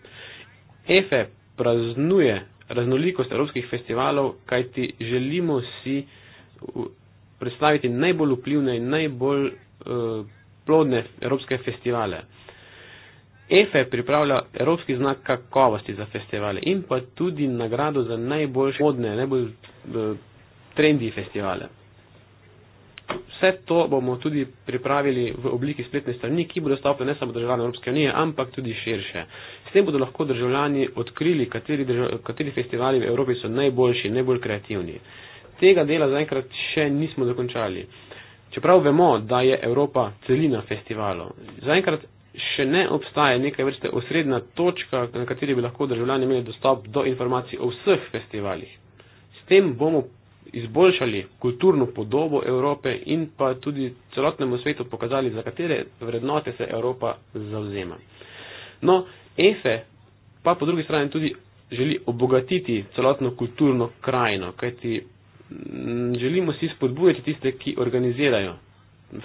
EFE praznuje raznolikost evropskih festivalov, kajti želimo si predstaviti najbolj vplivne in najbolj uh, plodne evropske festivale. Uh, EFE pripravlja evropski znak kakovosti za festivale in pa tudi nagrado za najboljše modne, najbolj eh, trendi festivale. Vse to bomo tudi pripravili v obliki spletne strani, ki bo dostopna ne samo državljanom Evropske unije, ampak tudi širše. S tem bodo lahko državljani odkrili, kateri, držav, kateri festivali v Evropi so najboljši, najbolj kreativni. Tega dela zaenkrat še nismo dokončali. Čeprav vemo, da je Evropa celina festivalov. Zaenkrat še ne obstaja nekaj vrste osredna točka, na kateri bi lahko državljani imeli dostop do informacij o vseh festivalih. S tem bomo izboljšali kulturno podobo Evrope in pa tudi celotnemu svetu pokazali, za katere vrednote se Evropa zauzema. No, EFE pa po drugi strani tudi želi obogatiti celotno kulturno krajino, kajti mm, želimo si spodbujati tiste, ki organizirajo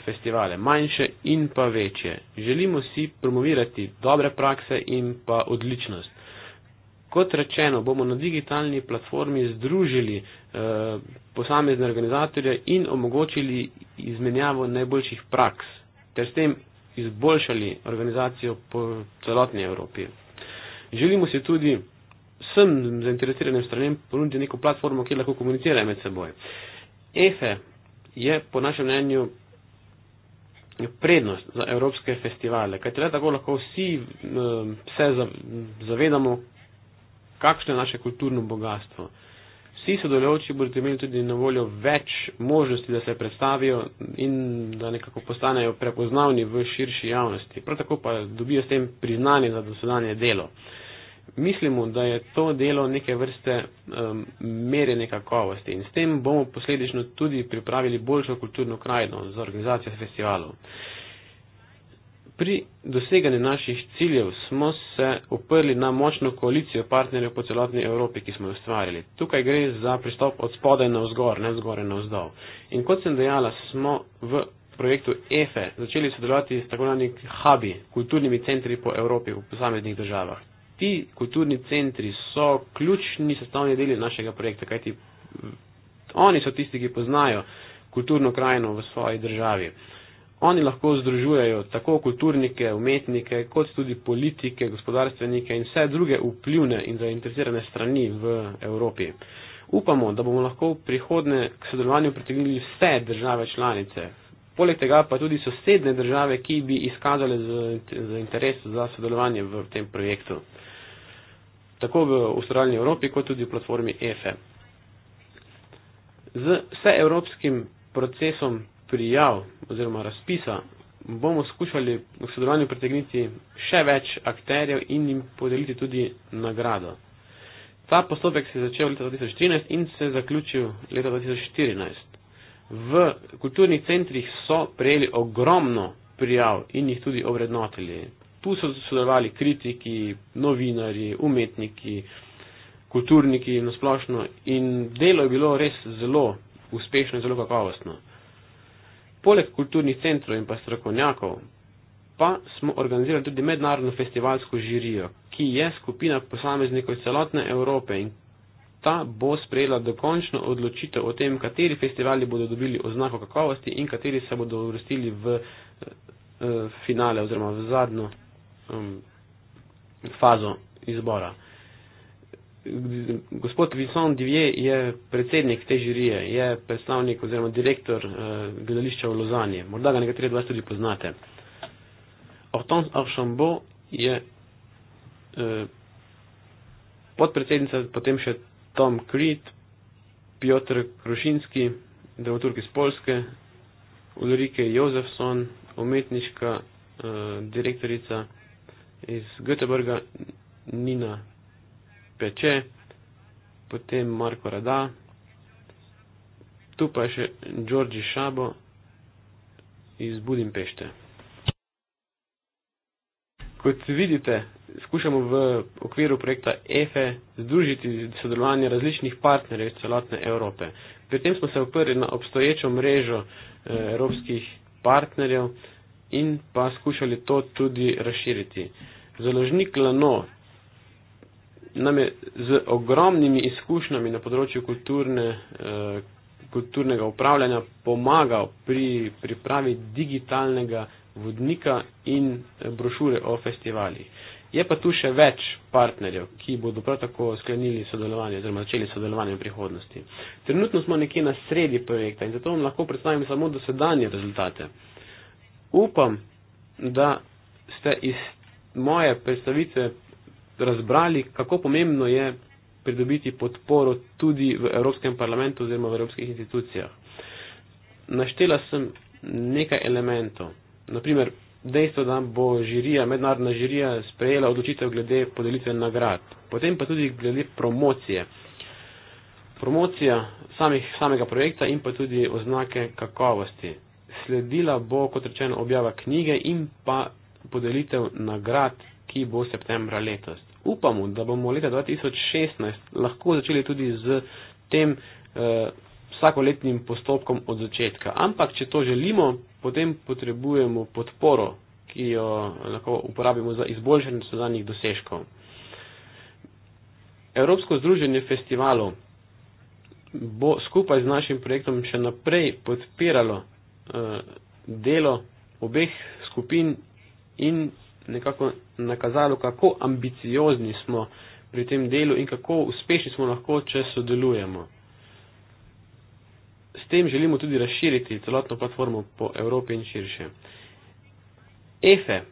festivale, manjše in pa večje. Želimo si promovirati dobre prakse in pa odličnost. Kot rečeno, bomo na digitalni platformi združili eh, posamezne organizatorje in omogočili izmenjavo najboljših praks, ter s tem izboljšali organizacijo po celotni Evropi. Želimo si tudi vsem zainteresiranim stranem ponuditi neko platformo, kjer lahko komunicirajo med seboj. EFE je po našem mnenju prednost za evropske festivale, kajte le tako lahko vsi eh, se zavedamo, kakšno je naše kulturno bogatstvo. Vsi sodelujoči bodo imeli tudi na voljo več možnosti, da se predstavijo in da nekako postanejo prepoznavni v širši javnosti. Prav tako pa dobijo s tem priznanje za dosedanje delo. Uh, mislimo, da je to delo neke vrste um, merjene kakovosti in s tem bomo posledično tudi pripravili boljšo kulturno krajino za organizacijo festivalov. Pri doseganju naših ciljev smo se oprli na močno koalicijo partnerjev po celotni Evropi, ki smo jo ustvarili. Tukaj gre za pristop od spodaj na vzgor, ne zgoraj na vzdolj. In kot sem dejala, smo v projektu EFE začeli sodelovati s tako imenovanimi hubi, kulturnimi centri po Evropi v posameznih državah ti kulturni centri so ključni sestavni deli našega projekta, kajti oni so tisti, ki poznajo kulturno krajino v svoji državi. Oni lahko združujejo tako kulturnike, umetnike, kot tudi politike, gospodarstvenike in vse druge vplivne in zainteresirane strani v Evropi. Upamo, da bomo lahko v prihodne k sodelovanju pritegnili vse države članice, Poleg tega pa tudi sosedne države, ki bi izkazali z, z interes za sodelovanje v tem projektu. Tako v ustralni Evropi, kot tudi v platformi EFE. Z vseevropskim procesom prijav oziroma razpisa bomo skušali v sodelovanju pritegniti še več akterjev in jim podeliti tudi nagrado. Ta postopek se je začel leta 2013 in se je zaključil leta 2014 v kulturnih centrih so prejeli ogromno prijav in jih tudi ovrednotili. Tu so sodelovali kritiki, novinari, umetniki, kulturniki in splošno in delo je bilo res zelo uspešno in zelo kakovostno. Poleg kulturnih centrov in pa strokovnjakov pa smo organizirali tudi mednarodno festivalsko žirijo, ki je skupina posameznikov iz celotne Evrope in ta bo sprejela dokončno odločitev o tem, kateri festivali bodo dobili oznako kakovosti in kateri se bodo vrstili v uh, finale oziroma v zadnjo um, fazo izbora. Gospod Vincent Divier je predsednik te žirije, je predstavnik oziroma direktor uh, gledališča v Lozanji. Morda ga nekateri od vas tudi poznate. Hortense Archambault je uh, podpredsednica, potem še Tom Creed, Piotr Krušinski, dramaturg iz Polske, Ulrike Jozefson, umetniška uh, direktorica iz Göteborga, Nina Peče, potem Marko Rada, tu pa je še Đorđi Šabo iz Budimpešte. Kot vidite, skušamo v okviru projekta EFE e združiti sodelovanje različnih partnerjev iz celotne Evrope. Pri tem smo se oprli na obstoječo mrežo eh, evropskih partnerjev in pa skušali to tudi razširiti. Založnik Lano nam je z ogromnimi izkušnjami na področju kulturne, eh, kulturnega upravljanja pomagal pri pripravi digitalnega vodnika in eh, brošure o festivalih. Je pa tu še več partnerjev, ki bodo prav tako sklenili sodelovanje oziroma začeli sodelovanje v prihodnosti. Trenutno smo nekje na sredi projekta in zato vam lahko predstavim samo dosedanje rezultate. Upam, da ste iz moje predstavitve razbrali, kako pomembno je pridobiti podporo tudi v Evropskem parlamentu oziroma v evropskih institucijah. Naštela sem nekaj elementov. Naprimer, dejstvo, da bo žirija, mednarodna žirija sprejela odločitev glede podelitve nagrad. Potem pa tudi glede promocije. Promocija samih, samega projekta in pa tudi oznake kakovosti. Sledila bo, kot rečeno, objava knjige in pa podelitev nagrad, ki bo septembra letos. Upamo, da bomo leta 2016 lahko začeli tudi z tem eh, vsakoletnim postopkom od začetka. Ampak, če to želimo, potem potrebujemo podporo, ki jo lahko uporabimo za izboljšanje sodanjih dosežkov. Evropsko združenje festivalov bo skupaj z našim projektom še naprej podpiralo uh, delo obeh skupin in nekako nakazalo, kako ambiciozni smo pri tem delu in kako uspešni smo lahko, če sodelujemo tem želimo tudi razširiti celotno platformo po Evropi in širše. EFE e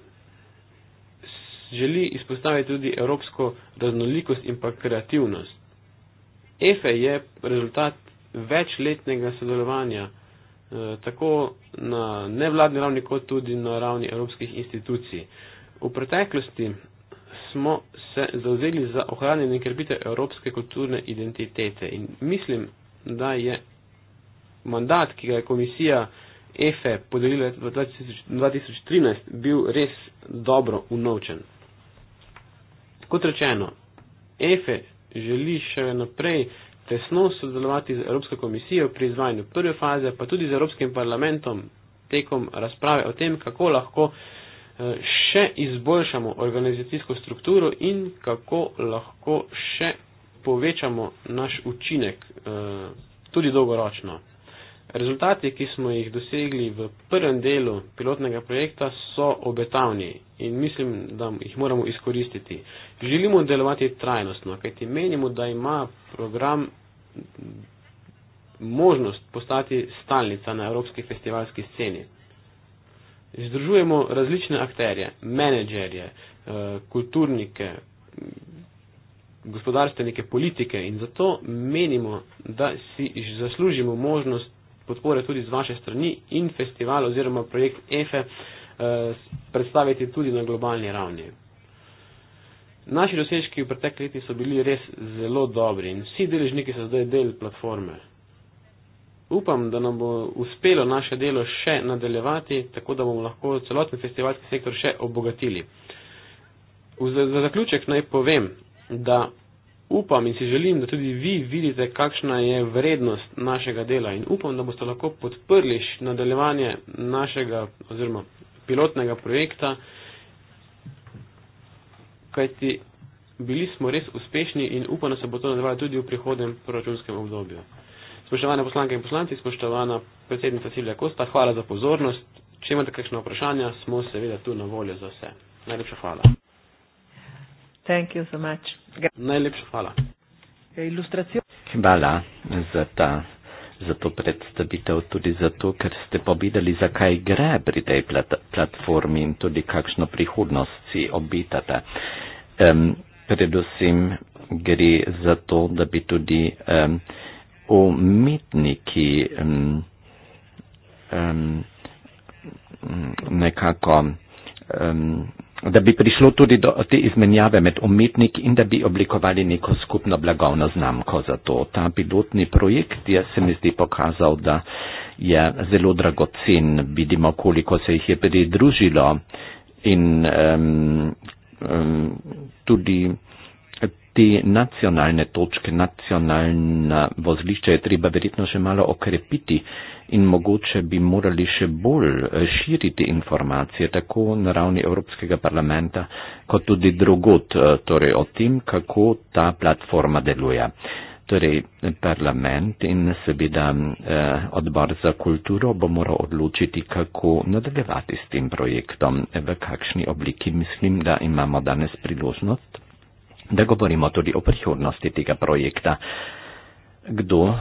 želi izpostaviti tudi evropsko raznolikost in pa kreativnost. EFE e je rezultat večletnega sodelovanja eh, tako na nevladni ravni, kot tudi na ravni evropskih institucij. V preteklosti smo se zauzeli za ohranjanje in krepitev evropske kulturne identitete in mislim, da je mandat, ki ga je komisija EFE podelila v 2013, bil res dobro unovčen. Kot rečeno, EFE želi še naprej tesno sodelovati z Evropsko komisijo pri izvajanju prve faze, pa tudi z Evropskim parlamentom tekom razprave o tem, kako lahko eh, še izboljšamo organizacijsko strukturo in kako lahko še povečamo naš učinek eh, tudi dolgoročno. Rezultati, ki smo jih dosegli v prvem delu pilotnega projekta, so obetavni in mislim, da jih moramo izkoristiti. Želimo delovati trajnostno, kajti menimo, da ima program možnost postati stalnica na evropski festivalski sceni. Združujemo različne akterje, menedžerje, eh, kulturnike, gospodarstvenike, politike in zato menimo, da si zaslužimo možnost podpore tudi z vaše strani in festival oziroma projekt EFE eh, predstaviti tudi na globalni ravni. Naši dosežki v preteklih letih so bili res zelo dobri in vsi deležniki so zdaj del platforme. Upam, da nam bo uspelo naše delo še nadaljevati, tako da bomo lahko celoten festivalski sektor še obogatili. Za zaključek naj povem, da Upam in si želim, da tudi vi vidite, kakšna je vrednost našega dela in upam, da boste lahko podprli nadaljevanje našega oziroma pilotnega projekta, kajti bili smo res uspešni in upam, da se bo to nadaljevalo tudi v prihodnem proračunskem obdobju. Spoštovane poslanke in poslanci, spoštovana predsednica Silja Kosta, hvala za pozornost. Če imate kakšno vprašanje, smo seveda tu na voljo za vse. Najlepša hvala. Thank you so much. Najlepša hvala. Hvala za, ta, za to predstavitev, tudi zato, ker ste povedali, zakaj gre pri tej plat, platformi in tudi kakšno prihodnost si obitate. Um, predvsem gre za to, da bi tudi umetniki um, um, um, nekako um, da bi prišlo tudi do te izmenjave med umetniki in da bi oblikovali neko skupno blagovno znamko za to. Ta pilotni projekt je se mi zdi pokazal, da je zelo dragocen. Vidimo, koliko se jih je pridružilo in um, um, tudi te nacionalne točke, nacionalna vozlišča je treba verjetno še malo okrepiti in mogoče bi morali še bolj širiti informacije tako na ravni Evropskega parlamenta, kot tudi drugot, eh, torej o tem, kako ta platforma deluje. Torej, parlament in seveda eh, odbor za kulturo bo moral odločiti, kako nadaljevati s tem projektom, v kakšni obliki. Mislim, da imamo danes priložnost da govorimo tudi o prihodnosti tega projekta. Kdo eh,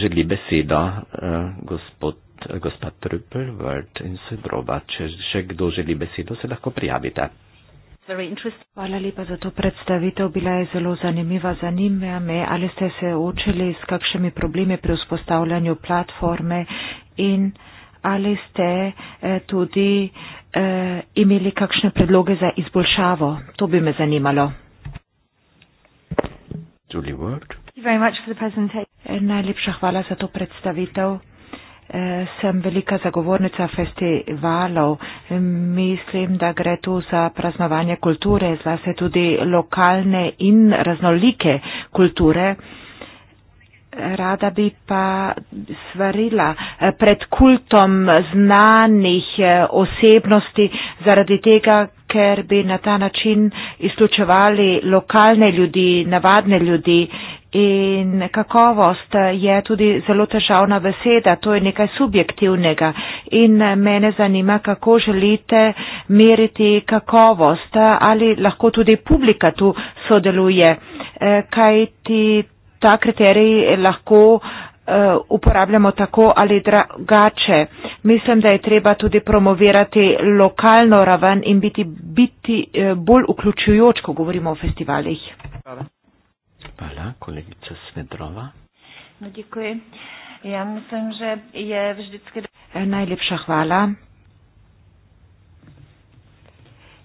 želi besedo? Eh, gospod, eh, gospod Trupel, Vrt in Sedroba, če še kdo želi besedo, se lahko prijavite. Hvala lepa za to predstavitev. Bila je zelo zanimiva. Zanima me, ali ste se učili s kakšnimi problemi pri vzpostavljanju platforme in ali ste eh, tudi eh, imeli kakšne predloge za izboljšavo. To bi me zanimalo. Julie Ward. Very much for the presentation. Eh, najlepša hvala za to predstavitev. Eh, sem velika zagovornica festivalov. Eh, mislim, da gre tu za praznovanje kulture, zlasti tudi lokalne in raznolike kulture. Rada bi pa svarila eh, pred kultom znanih eh, osebnosti zaradi tega, ker bi na ta način izključevali lokalne ljudi, navadne ljudi. In kakovost eh, je tudi zelo težavna beseda, to je nekaj subjektivnega. In mene zanima, kako želite meriti kakovost, ali lahko tudi publika tu sodeluje. Kaj ti ta kriterij lahko eh, uporabljamo tako ali drugače. Mislim, da je treba tudi promovirati lokalno raven in biti, biti eh, bolj vključujoč, ko govorimo o festivalih. Hvala. Hvala, kolegica Svedrova. No, děkuji. Ja mislim, že je vždycky... Eh, najlepša hvala.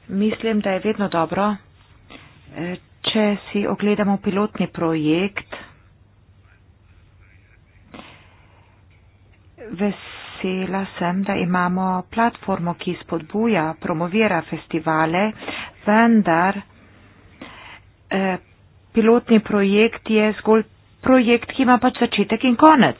Mislim, da je vedno dobro, če si ogledamo pilotni projekt, vesela sem, da imamo platformo, ki spodbuja, promovira festivale, vendar eh, pilotni projekt je zgolj projekt, ki ima pač začetek in konec.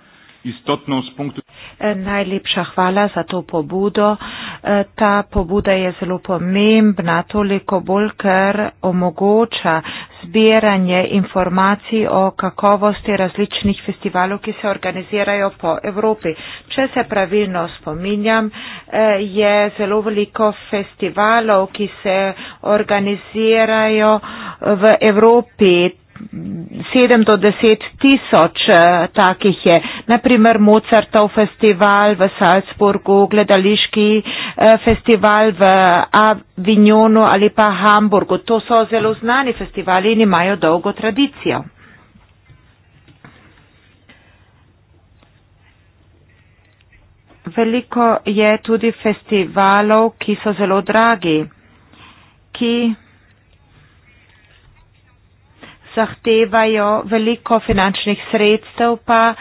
istotno z punktu. E, Najlepša hvala za to pobudo. E, ta pobuda je zelo pomembna, toliko bolj, ker omogoča zbiranje informacij o kakovosti različnih festivalov, ki se organizirajo po Evropi. Če se pravilno spominjam, e, je zelo veliko festivalov, ki se organizirajo v Evropi sedem do deset tisoč eh, takih je. Naprimer Mozartov festival v Salzburgu, gledališki eh, festival v Avignonu ali pa Hamburgu. To so zelo znani festivali in imajo dolgo tradicijo. Veliko je tudi festivalov, ki so zelo dragi, ki zahtevajo veliko finančnih sredstev, pa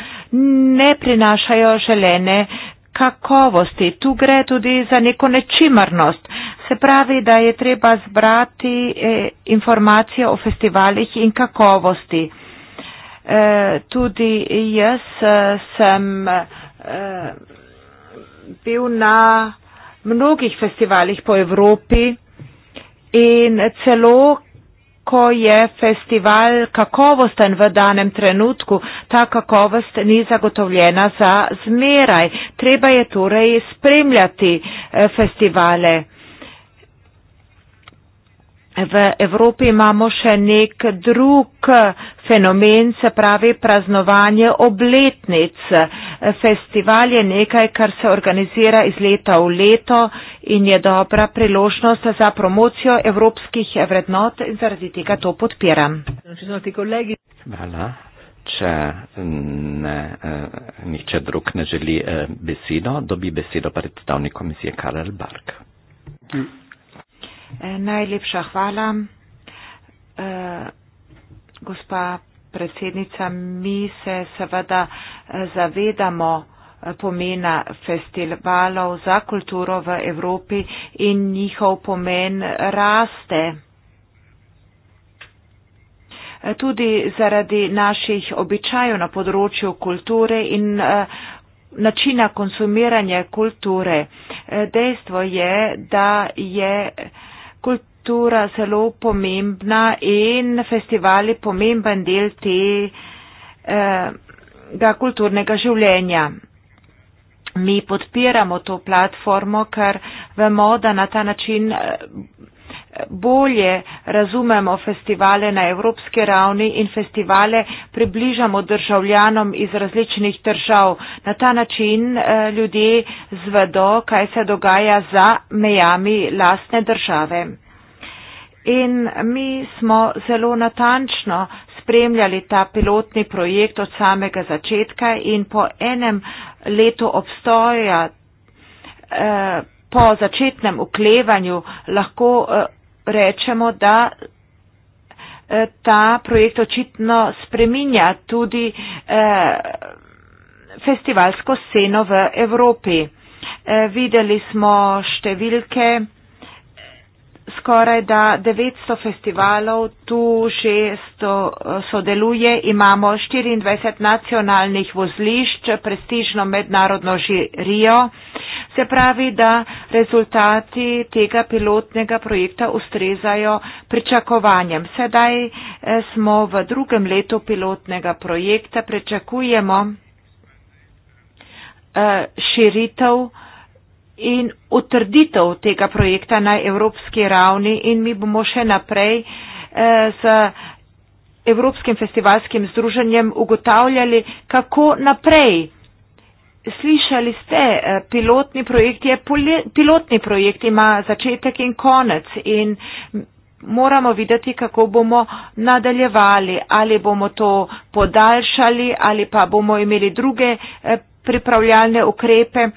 ne prinašajo želene kakovosti. Tu gre tudi za neko nečimrnost. Se pravi, da je treba zbrati eh, informacije o festivalih in kakovosti. Eh, tudi jaz eh, sem bil na mnogih festivalih po Evropi in celo, kako je festival kakovosten v danem trenutku. Ta kakovost ni zagotovljena za zmeraj. Treba je torej spremljati eh, festivale. V Evropi imamo še nek drug fenomen, se pravi praznovanje obletnic. Uh, Festival je nekaj, kar se organizira iz leta v leto in je dobra priložnost za promocijo evropskih vrednot in zaradi tega to podpiram. Hvala. Če ne, eh, nihče drug ne želi eh, besedo, dobi besedo predstavnik komisije Karel Bark. Eh, najlepša hvala. Eh, gospa predsednica, mi se seveda zavedamo pomena festivalov za kulturo v Evropi in njihov pomen raste. Tudi zaradi naših običajev na področju kulture in eh, načina konsumiranja kulture. Eh, dejstvo je, da je kultura zelo pomembna in festival je pomemben del tega eh, kulturnega življenja. Mi podpiramo to platformo, ker vemo, da na ta način eh, bolje razumemo festivale na evropski ravni in festivale približamo državljanom iz različnih držav. Na ta način eh, ljudje zvedo, kaj se dogaja za mejami lastne države. In mi smo zelo natančno spremljali ta pilotni projekt od samega začetka in po enem letu obstoja, eh, po začetnem uklevanju, lahko eh, rečemo, da eh, ta projekt očitno spreminja tudi festivalsko sceno v Evropi. Videli smo številke, skoraj da 900 festivalov, tu 600 eh, sodeluje, imamo 24 nacionalnih vozlišč, prestižno mednarodno žirijo. Se pravi, da rezultati tega pilotnega projekta ustrezajo pričakovanjem. Sedaj eh, smo v drugem letu pilotnega projekta, pričakujemo eh, širitev in utrditev tega projekta na evropski ravni in mi bomo še naprej eh, z Evropskim festivalskim združenjem ugotavljali, kako naprej. Slišali ste, eh, pilotni projekt je pilotni projekt, ima začetek in konec in moramo videti, kako bomo nadaljevali, ali bomo to podaljšali ali pa bomo imeli druge eh, pripravljalne ukrepe. E,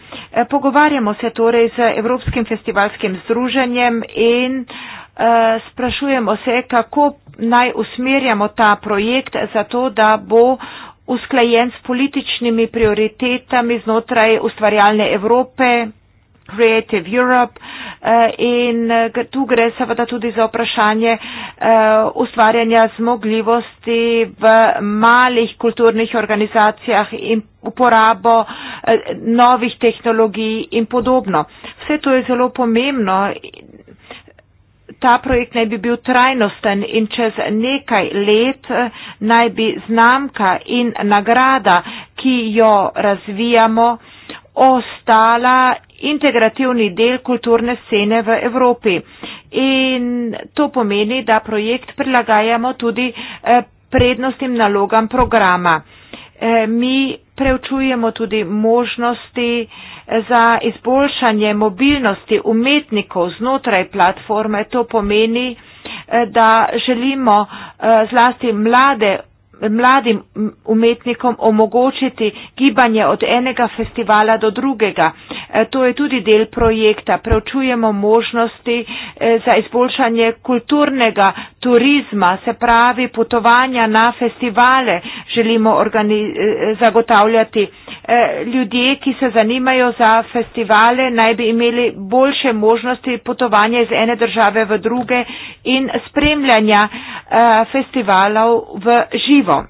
pogovarjamo se torej z Evropskim festivalskim združenjem in e, sprašujemo se, kako naj usmerjamo ta projekt za to, da bo usklajen s političnimi prioritetami znotraj ustvarjalne Evrope, Creative Europe eh, in eh, tu gre seveda tudi za vprašanje eh, ustvarjanja zmogljivosti v malih kulturnih organizacijah in uporabo novih tehnologij in podobno. Vse to je zelo pomembno. Ta projekt naj bi bil trajnosten in čez nekaj let naj bi znamka in nagrada, ki jo razvijamo, ostala integrativni del kulturne scene v Evropi. In to pomeni, da projekt prilagajamo tudi eh, prednostnim nalogam programa. Eh, mi preučujemo tudi možnosti eh, za izboljšanje mobilnosti umetnikov znotraj platforme. To pomeni, da želimo zlasti mlade mladim umetnikom omogočiti gibanje od enega festivala do drugega. E, to je tudi del projekta. Preučujemo možnosti e, za izboljšanje kulturnega turizma, se pravi potovanja na festivale želimo e, zagotavljati. Ljudje, ki se zanimajo za festivale, naj bi imeli boljše možnosti potovanja iz ene države v druge in spremljanja festivalov v živo vplivom.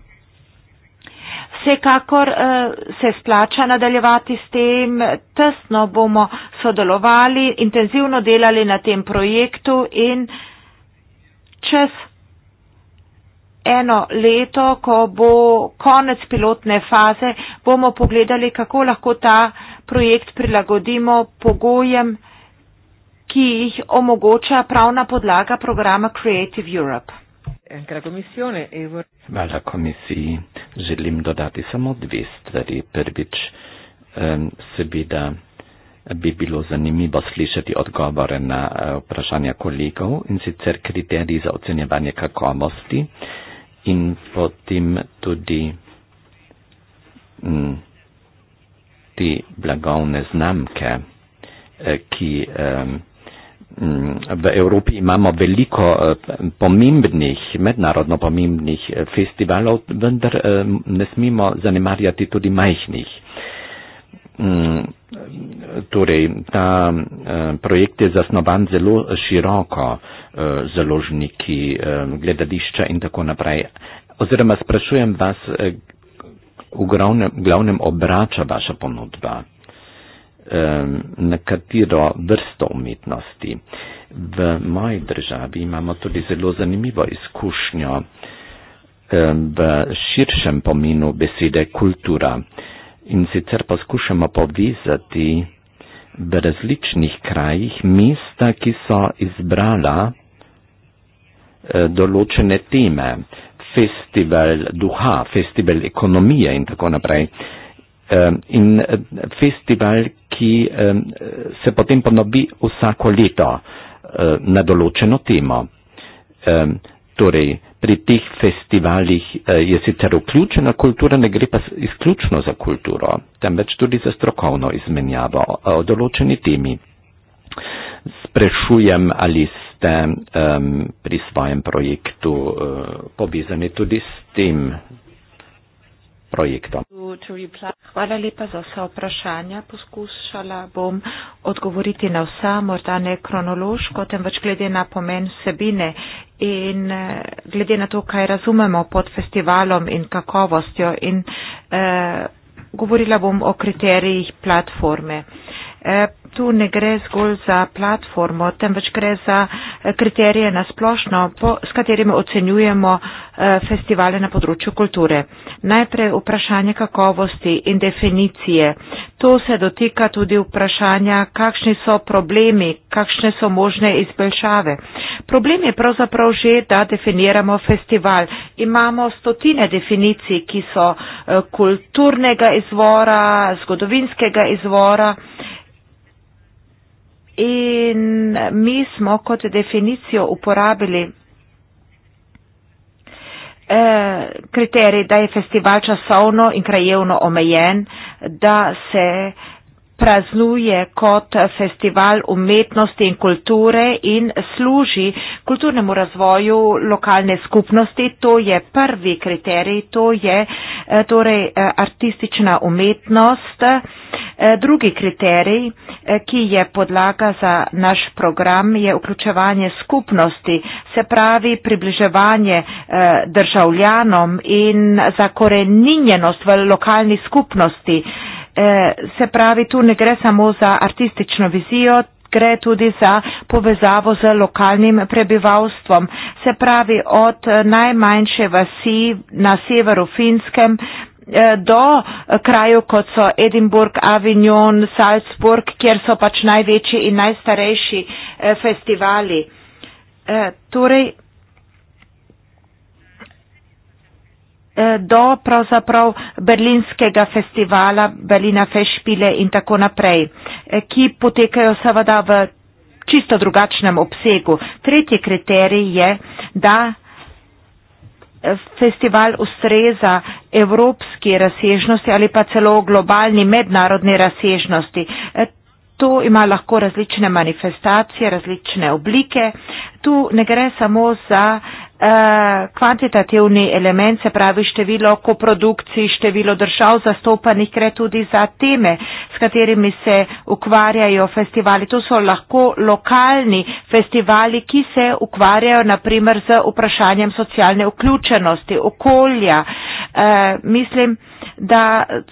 Vsekakor eh, se splača nadaljevati s tem, tesno bomo sodelovali, intenzivno delali na tem projektu in čez eno leto, ko bo konec pilotne faze, bomo pogledali, kako lahko ta projekt prilagodimo pogojem, ki jih omogoča pravna podlaga programa Creative Europe. E Hvala komisiji. E želim dodati samo dve stvari. Prvič, seveda bi bilo zanimivo slišati odgovore na e, vprašanja kolegov in sicer kriteriji za ocenjevanje kakovosti in potem tudi mm, te blagovne znamke, ki. Um, Mm, v Evropi imamo veliko eh, pomembnih, mednarodno pomembnih eh, festivalov, vendar eh, ne smemo zanemarjati tudi majhnih. Mm, torej, ta projekt je zasnovan zelo široko, založniki, gledališča in tako naprej. Oziroma, sprašujem vas, v glavnem obrača vaša ponudba na katero vrsto umetnosti. V moji državi imamo tudi zelo zanimivo izkušnjo v širšem pomenu besede kultura in sicer poskušamo povezati v različnih krajih mesta, ki so izbrala e, določene teme, festival duha, festival ekonomije in tako naprej. Ehm, in eh, festival, ki ehm, se potem ponovi vsako leto eh, na določeno temo. Ehm, torej, pri teh festivalih eh, je sicer vključena kultura, ne gre pa izključno za kulturo, temveč tudi za strokovno izmenjavo o določeni temi. Sprašujem, ali ste pri svojem projektu povezani tudi s tem projekta. Hvala lepa za vsa vprašanja. Poskušala bom odgovoriti na vsa, morda ne kronološko, temveč glede na pomen vsebine in eh, glede na to, kaj razumemo pod festivalom in kakovostjo. In, eh, govorila bom o kriterijih platforme. Eh, tu ne gre zgolj za platformo, temveč gre za eh, kriterije na splošno, po, s katerimi ocenjujemo eh, festivale na področju kulture. Najprej vprašanje kakovosti in definicije. To se dotika tudi vprašanja, kakšni so problemi, kakšne so možne izboljšave. Problem je pravzaprav že, da definiramo festival. Imamo stotine definicij, ki so eh, kulturnega izvora, zgodovinskega izvora In eh, mi smo kot definicijo uporabili eh, kriterij, da je festival časovno in krajevno omejen, da se eh, praznuje kot festival umetnosti in kulture in služi kulturnemu razvoju lokalne skupnosti. To je prvi kriterij, to je eh, torej eh, artistična umetnost. Eh, drugi kriterij, ki je podlaga za naš program, je vključevanje skupnosti, se pravi približevanje državljanom in zakoreninjenost v lokalni skupnosti. Eh, se pravi, tu ne gre samo za artistično vizijo, gre tudi za povezavo z lokalnim prebivalstvom. Se pravi, od eh, najmanjše vasi na severu Finskem eh, do krajev, kot so Edinburgh, Avignon, Salzburg, kjer so pač največji in najstarejši festivali. Torej, Eh, do pravzaprav berlinskega festivala, Berlina Fešpile in tako naprej, eh, ki potekajo seveda v čisto drugačnem obsegu. Tretji kriterij je, da eh, festival ustreza evropski razsežnosti ali pa celo globalni mednarodni razsežnosti. To ima lahko različne manifestacije, različne oblike. Tu ne gre samo za eh, Eh, kvantitativni element, se pravi število koprodukcij, število držav zastopanih, gre tudi za teme, s katerimi se ukvarjajo festivali. To so lahko lokalni festivali, ki se ukvarjajo naprimer z vprašanjem socialne vključenosti, okolja. E, mislim, da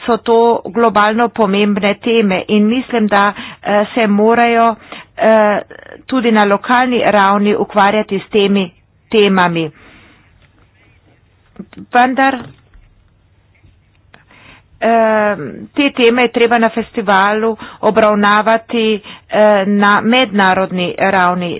so to globalno pomembne teme in mislim, da eh, se morajo tudi na lokalni ravni ukvarjati s temi, temami. Vendar eh, te teme je treba na festivalu obravnavati eh, na mednarodni ravni.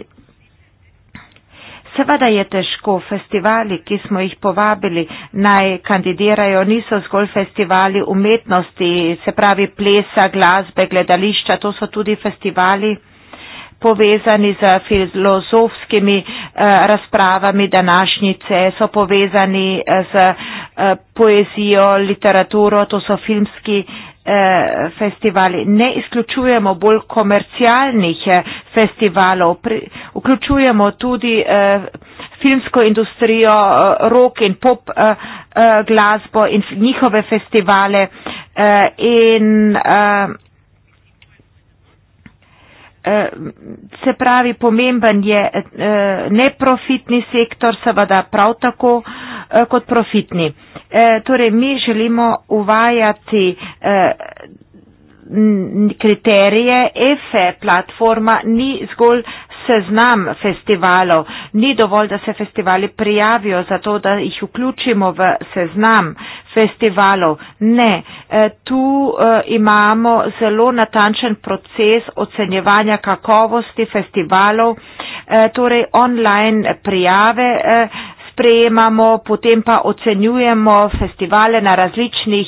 Seveda je težko, festivali, ki smo jih povabili naj kandidirajo, niso zgolj festivali umetnosti, se pravi plesa, glasbe, gledališča, to so tudi festivali povezani z filozofskimi eh, razpravami današnjice, so povezani eh, z eh, poezijo, literaturo, to so filmski festivali. Ne izključujemo bolj komercialnih festivalov, vključujemo tudi filmsko industrijo, rock in pop glasbo in njihove festivale. In Eh, se pravi, pomemben je eh, neprofitni sektor, seveda prav tako eh, kot profitni. Torej, mi želimo uvajati kriterije EFE platforma ni zgolj seznam festivalov. Ni dovolj, da se festivali prijavijo za to, da jih vključimo v seznam festivalov. Ne, e, tu e, imamo zelo natančen proces ocenjevanja kakovosti festivalov, e, torej online prijave sprejemamo, potem pa ocenjujemo festivale na različnih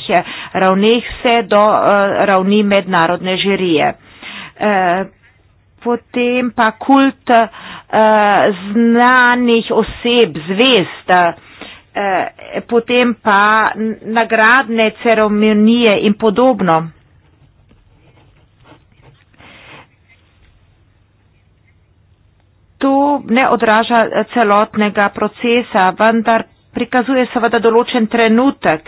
ravneh, vse do ravni mednarodne žirije potem pa kult eh, znanih oseb, zvest, eh, potem pa nagradne ceremonije in podobno. To ne odraža eh, celotnega procesa, vendar prikazuje seveda določen trenutek.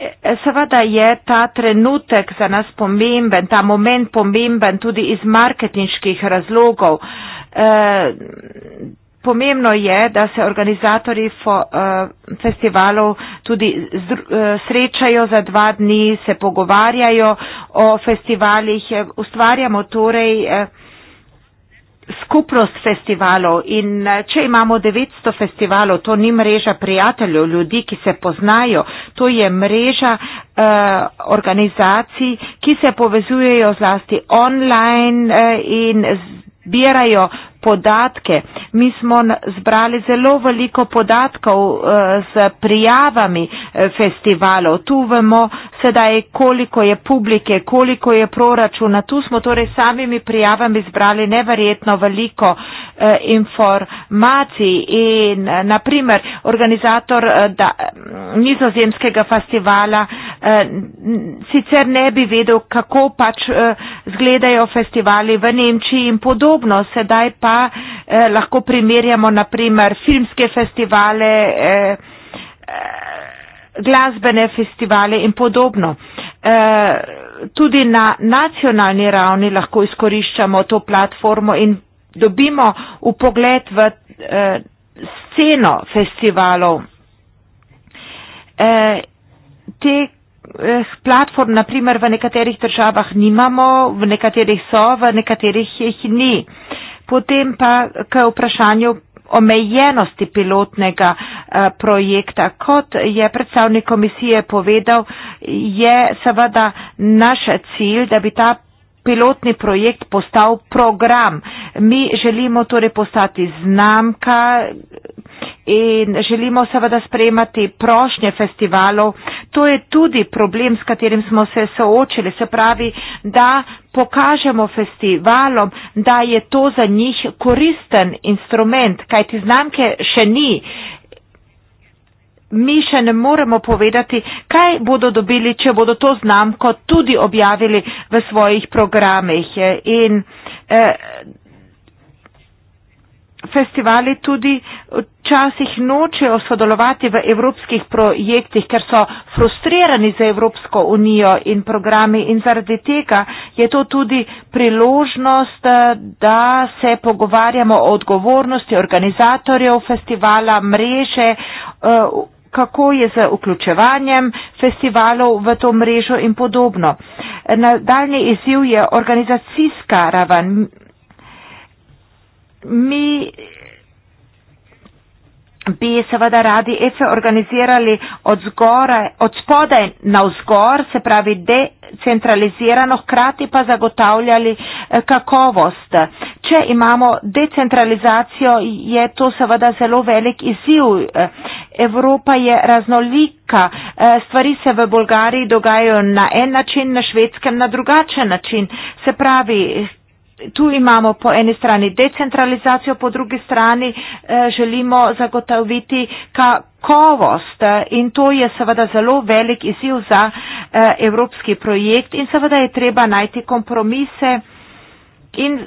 Eh, seveda je ta trenutek za nas pomemben, ta moment pomemben tudi iz marketinških razlogov. Eh, pomembno je, da se organizatori eh, festivalov tudi srečajo za dva dni, se pogovarjajo o festivalih. Ustvarjamo torej skupnost festivalov in eh, če imamo 900 festivalov, to ni mreža prijateljev, ljudi, ki se poznajo, to je mreža uh, organizacij, ki se povezujejo zlasti online uh, in zbirajo podatke. Mi smo zbrali zelo veliko podatkov z eh, prijavami eh, festivalov. Tu vemo sedaj, koliko je publike, koliko je proračuna. Tu smo torej samimi prijavami zbrali neverjetno veliko Eh, informacij in eh, naprimer organizator eh, da, mm, nizozemskega festivala sicer ne bi vedel, kako pač zgledajo festivali v Nemčiji in podobno. Sedaj pa lahko primerjamo naprimer filmske festivale, glasbene festivale in podobno. Tudi na nacionalni ravni lahko izkoriščamo to platformo in dobimo v pogled v eh, sceno festivalov. Eh, te eh, platform, naprimer, v nekaterih državah nimamo, v nekaterih so, v nekaterih jih ni. Potem pa k vprašanju omejenosti pilotnega eh, projekta. Kot je predstavnik komisije povedal, je seveda naš cilj, da bi ta pilotni projekt postal program. Mi želimo torej postati znamka in želimo seveda sprejemati prošnje festivalov. To je tudi problem, s katerim smo se soočili. Se pravi, da pokažemo festivalom, da je to za njih koristen instrument, kajti znamke še ni. Uh, mi še ne moremo povedati, kaj bodo dobili, če bodo to znamko tudi objavili v svojih programih. In eh, festivali tudi včasih nočejo sodelovati v evropskih projektih, ker so frustrirani za Evropsko unijo in programi in zaradi tega je to tudi priložnost, eh, da se pogovarjamo o odgovornosti organizatorjev festivala, mreže. Eh, kako je z vključevanjem festivalov v to mrežo in podobno. Nadaljni izziv je organizacijska raven. Mi bi seveda radi EFE organizirali od, zgore, od spodaj na vzgor, se pravi decentralizirano, hkrati pa zagotavljali eh, kakovost. Če imamo decentralizacijo, je to seveda zelo velik izziv. Eh, Evropa je raznolika, e, stvari se v Bolgariji dogajajo na en način, na švedskem na drugačen način. Se pravi, tu imamo po eni strani decentralizacijo, po drugi strani e, želimo zagotoviti kakovost e, in to je seveda zelo velik izziv za evropski projekt in seveda je treba najti kompromise in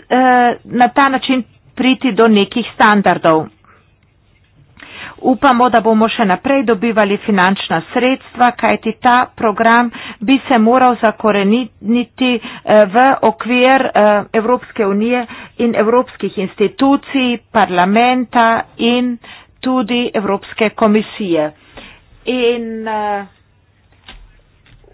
na ta način priti do nekih standardov. Upamo, da bomo še naprej dobivali finančna sredstva, kajti ta program bi se moral zakoreniti eh, v okvir eh, Evropske unije in evropskih institucij, parlamenta in tudi Evropske komisije. In uh,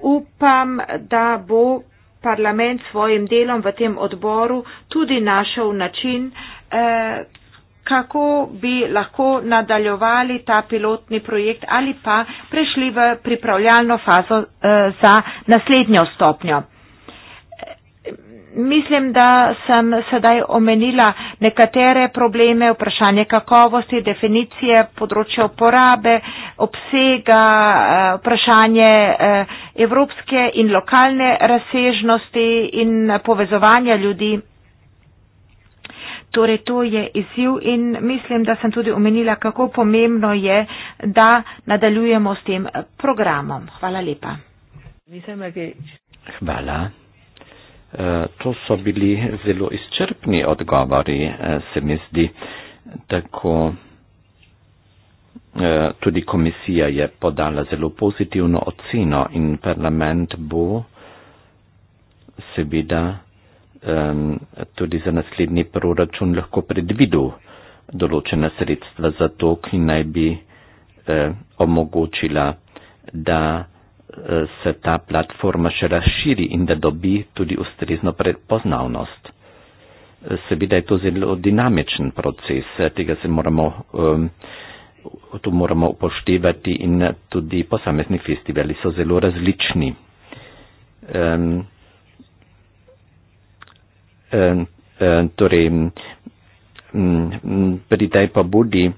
upam, da bo parlament svojim delom v tem odboru tudi našel način, uh, kako bi lahko nadaljevali ta pilotni projekt ali pa prešli v pripravljalno fazo eh, za naslednjo stopnjo. Eh, mislim, da sem sedaj omenila nekatere probleme, vprašanje kakovosti, definicije področja uporabe, obsega, eh, vprašanje evropske in lokalne razsežnosti in povezovanja ljudi. Torej, to je izziv in mislim, da sem tudi omenila, kako pomembno je, da nadaljujemo s tem programom. Hvala lepa. Hvala. E, to so bili zelo izčrpni odgovori, e, se mi zdi, tako e, tudi komisija je podala zelo pozitivno oceno in parlament bo seveda. Bi um, tudi za naslednji proračun lahko predvidel določena sredstva za to, ki naj bi eh, omogočila, da eh, se ta platforma še razširi in da dobi tudi ustrezno prepoznavnost. E, seveda je to zelo dinamičen proces, e, tega se moramo, eh, tu moramo upoštevati in tudi posamezni festivali so zelo različni. Eh, Eh, eh, torej, mm, mm, pri tej pobudi eh,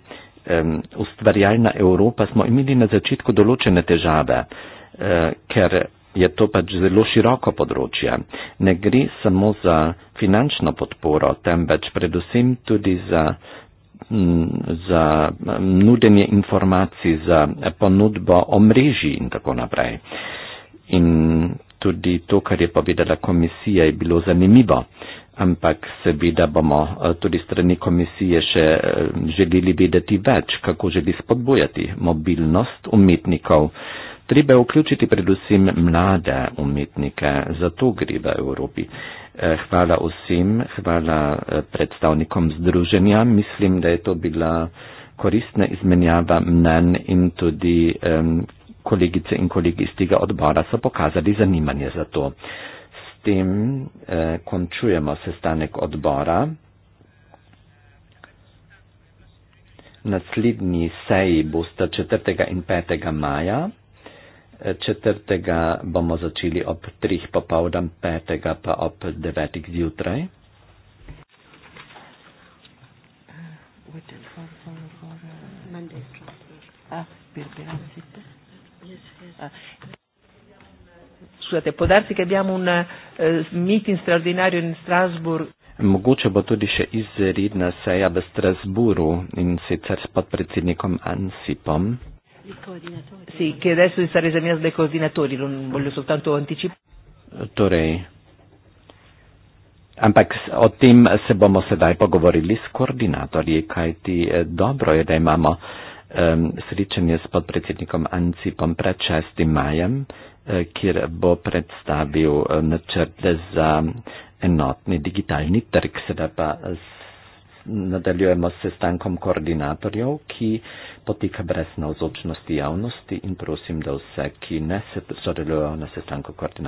ustvarjalna Evropa smo imeli na začetku določene težave, ker je to pač zelo široko področje. Ne gre samo za finančno podporo, temveč predvsem tudi za, mm, za nudenje informacij, za ponudbo o mreži in tako naprej. In tudi to, kar je povedala komisija, je bilo zanimivo ampak seveda bomo eh, tudi strani komisije še eh, želeli vedeti več, kako želi spodbojati mobilnost umetnikov. Treba vključiti predvsem mlade umetnike, zato gre v Evropi. Eh, hvala vsem, hvala predstavnikom združenja. Mislim, da je to bila koristna izmenjava mnen in tudi um, kolegice in kolegi iz tega odbora so pokazali zanimanje za to tem eh, končujemo sestanek odbora. Naslednji seji boste 4. in 5. maja. 4. Eh, bomo začeli ob 3. popovdan, 5. pa ob 9. zjutraj. Ah, Scusate, può darsi che abbiamo un. Eh, mitin straordinarju in Strasburg. Mogoče bo tudi še izredna seja v Strasburu in sicer s podpredsednikom Ansipom. Torej, ampak o tem se bomo sedaj pogovorili s koordinatorji, kajti eh, dobro je, da imamo um, srečanje s podpredsednikom Ancipom pred 6. majem. Eh, kjer bo predstavil eh, načrte za enotni digitalni trg. Sedaj pa nadaljujemo s sestankom koordinatorjev, ki poteka brez navzočnosti javnosti in prosim, da vse, ki ne sodelujejo na sestanku koordinatorjev.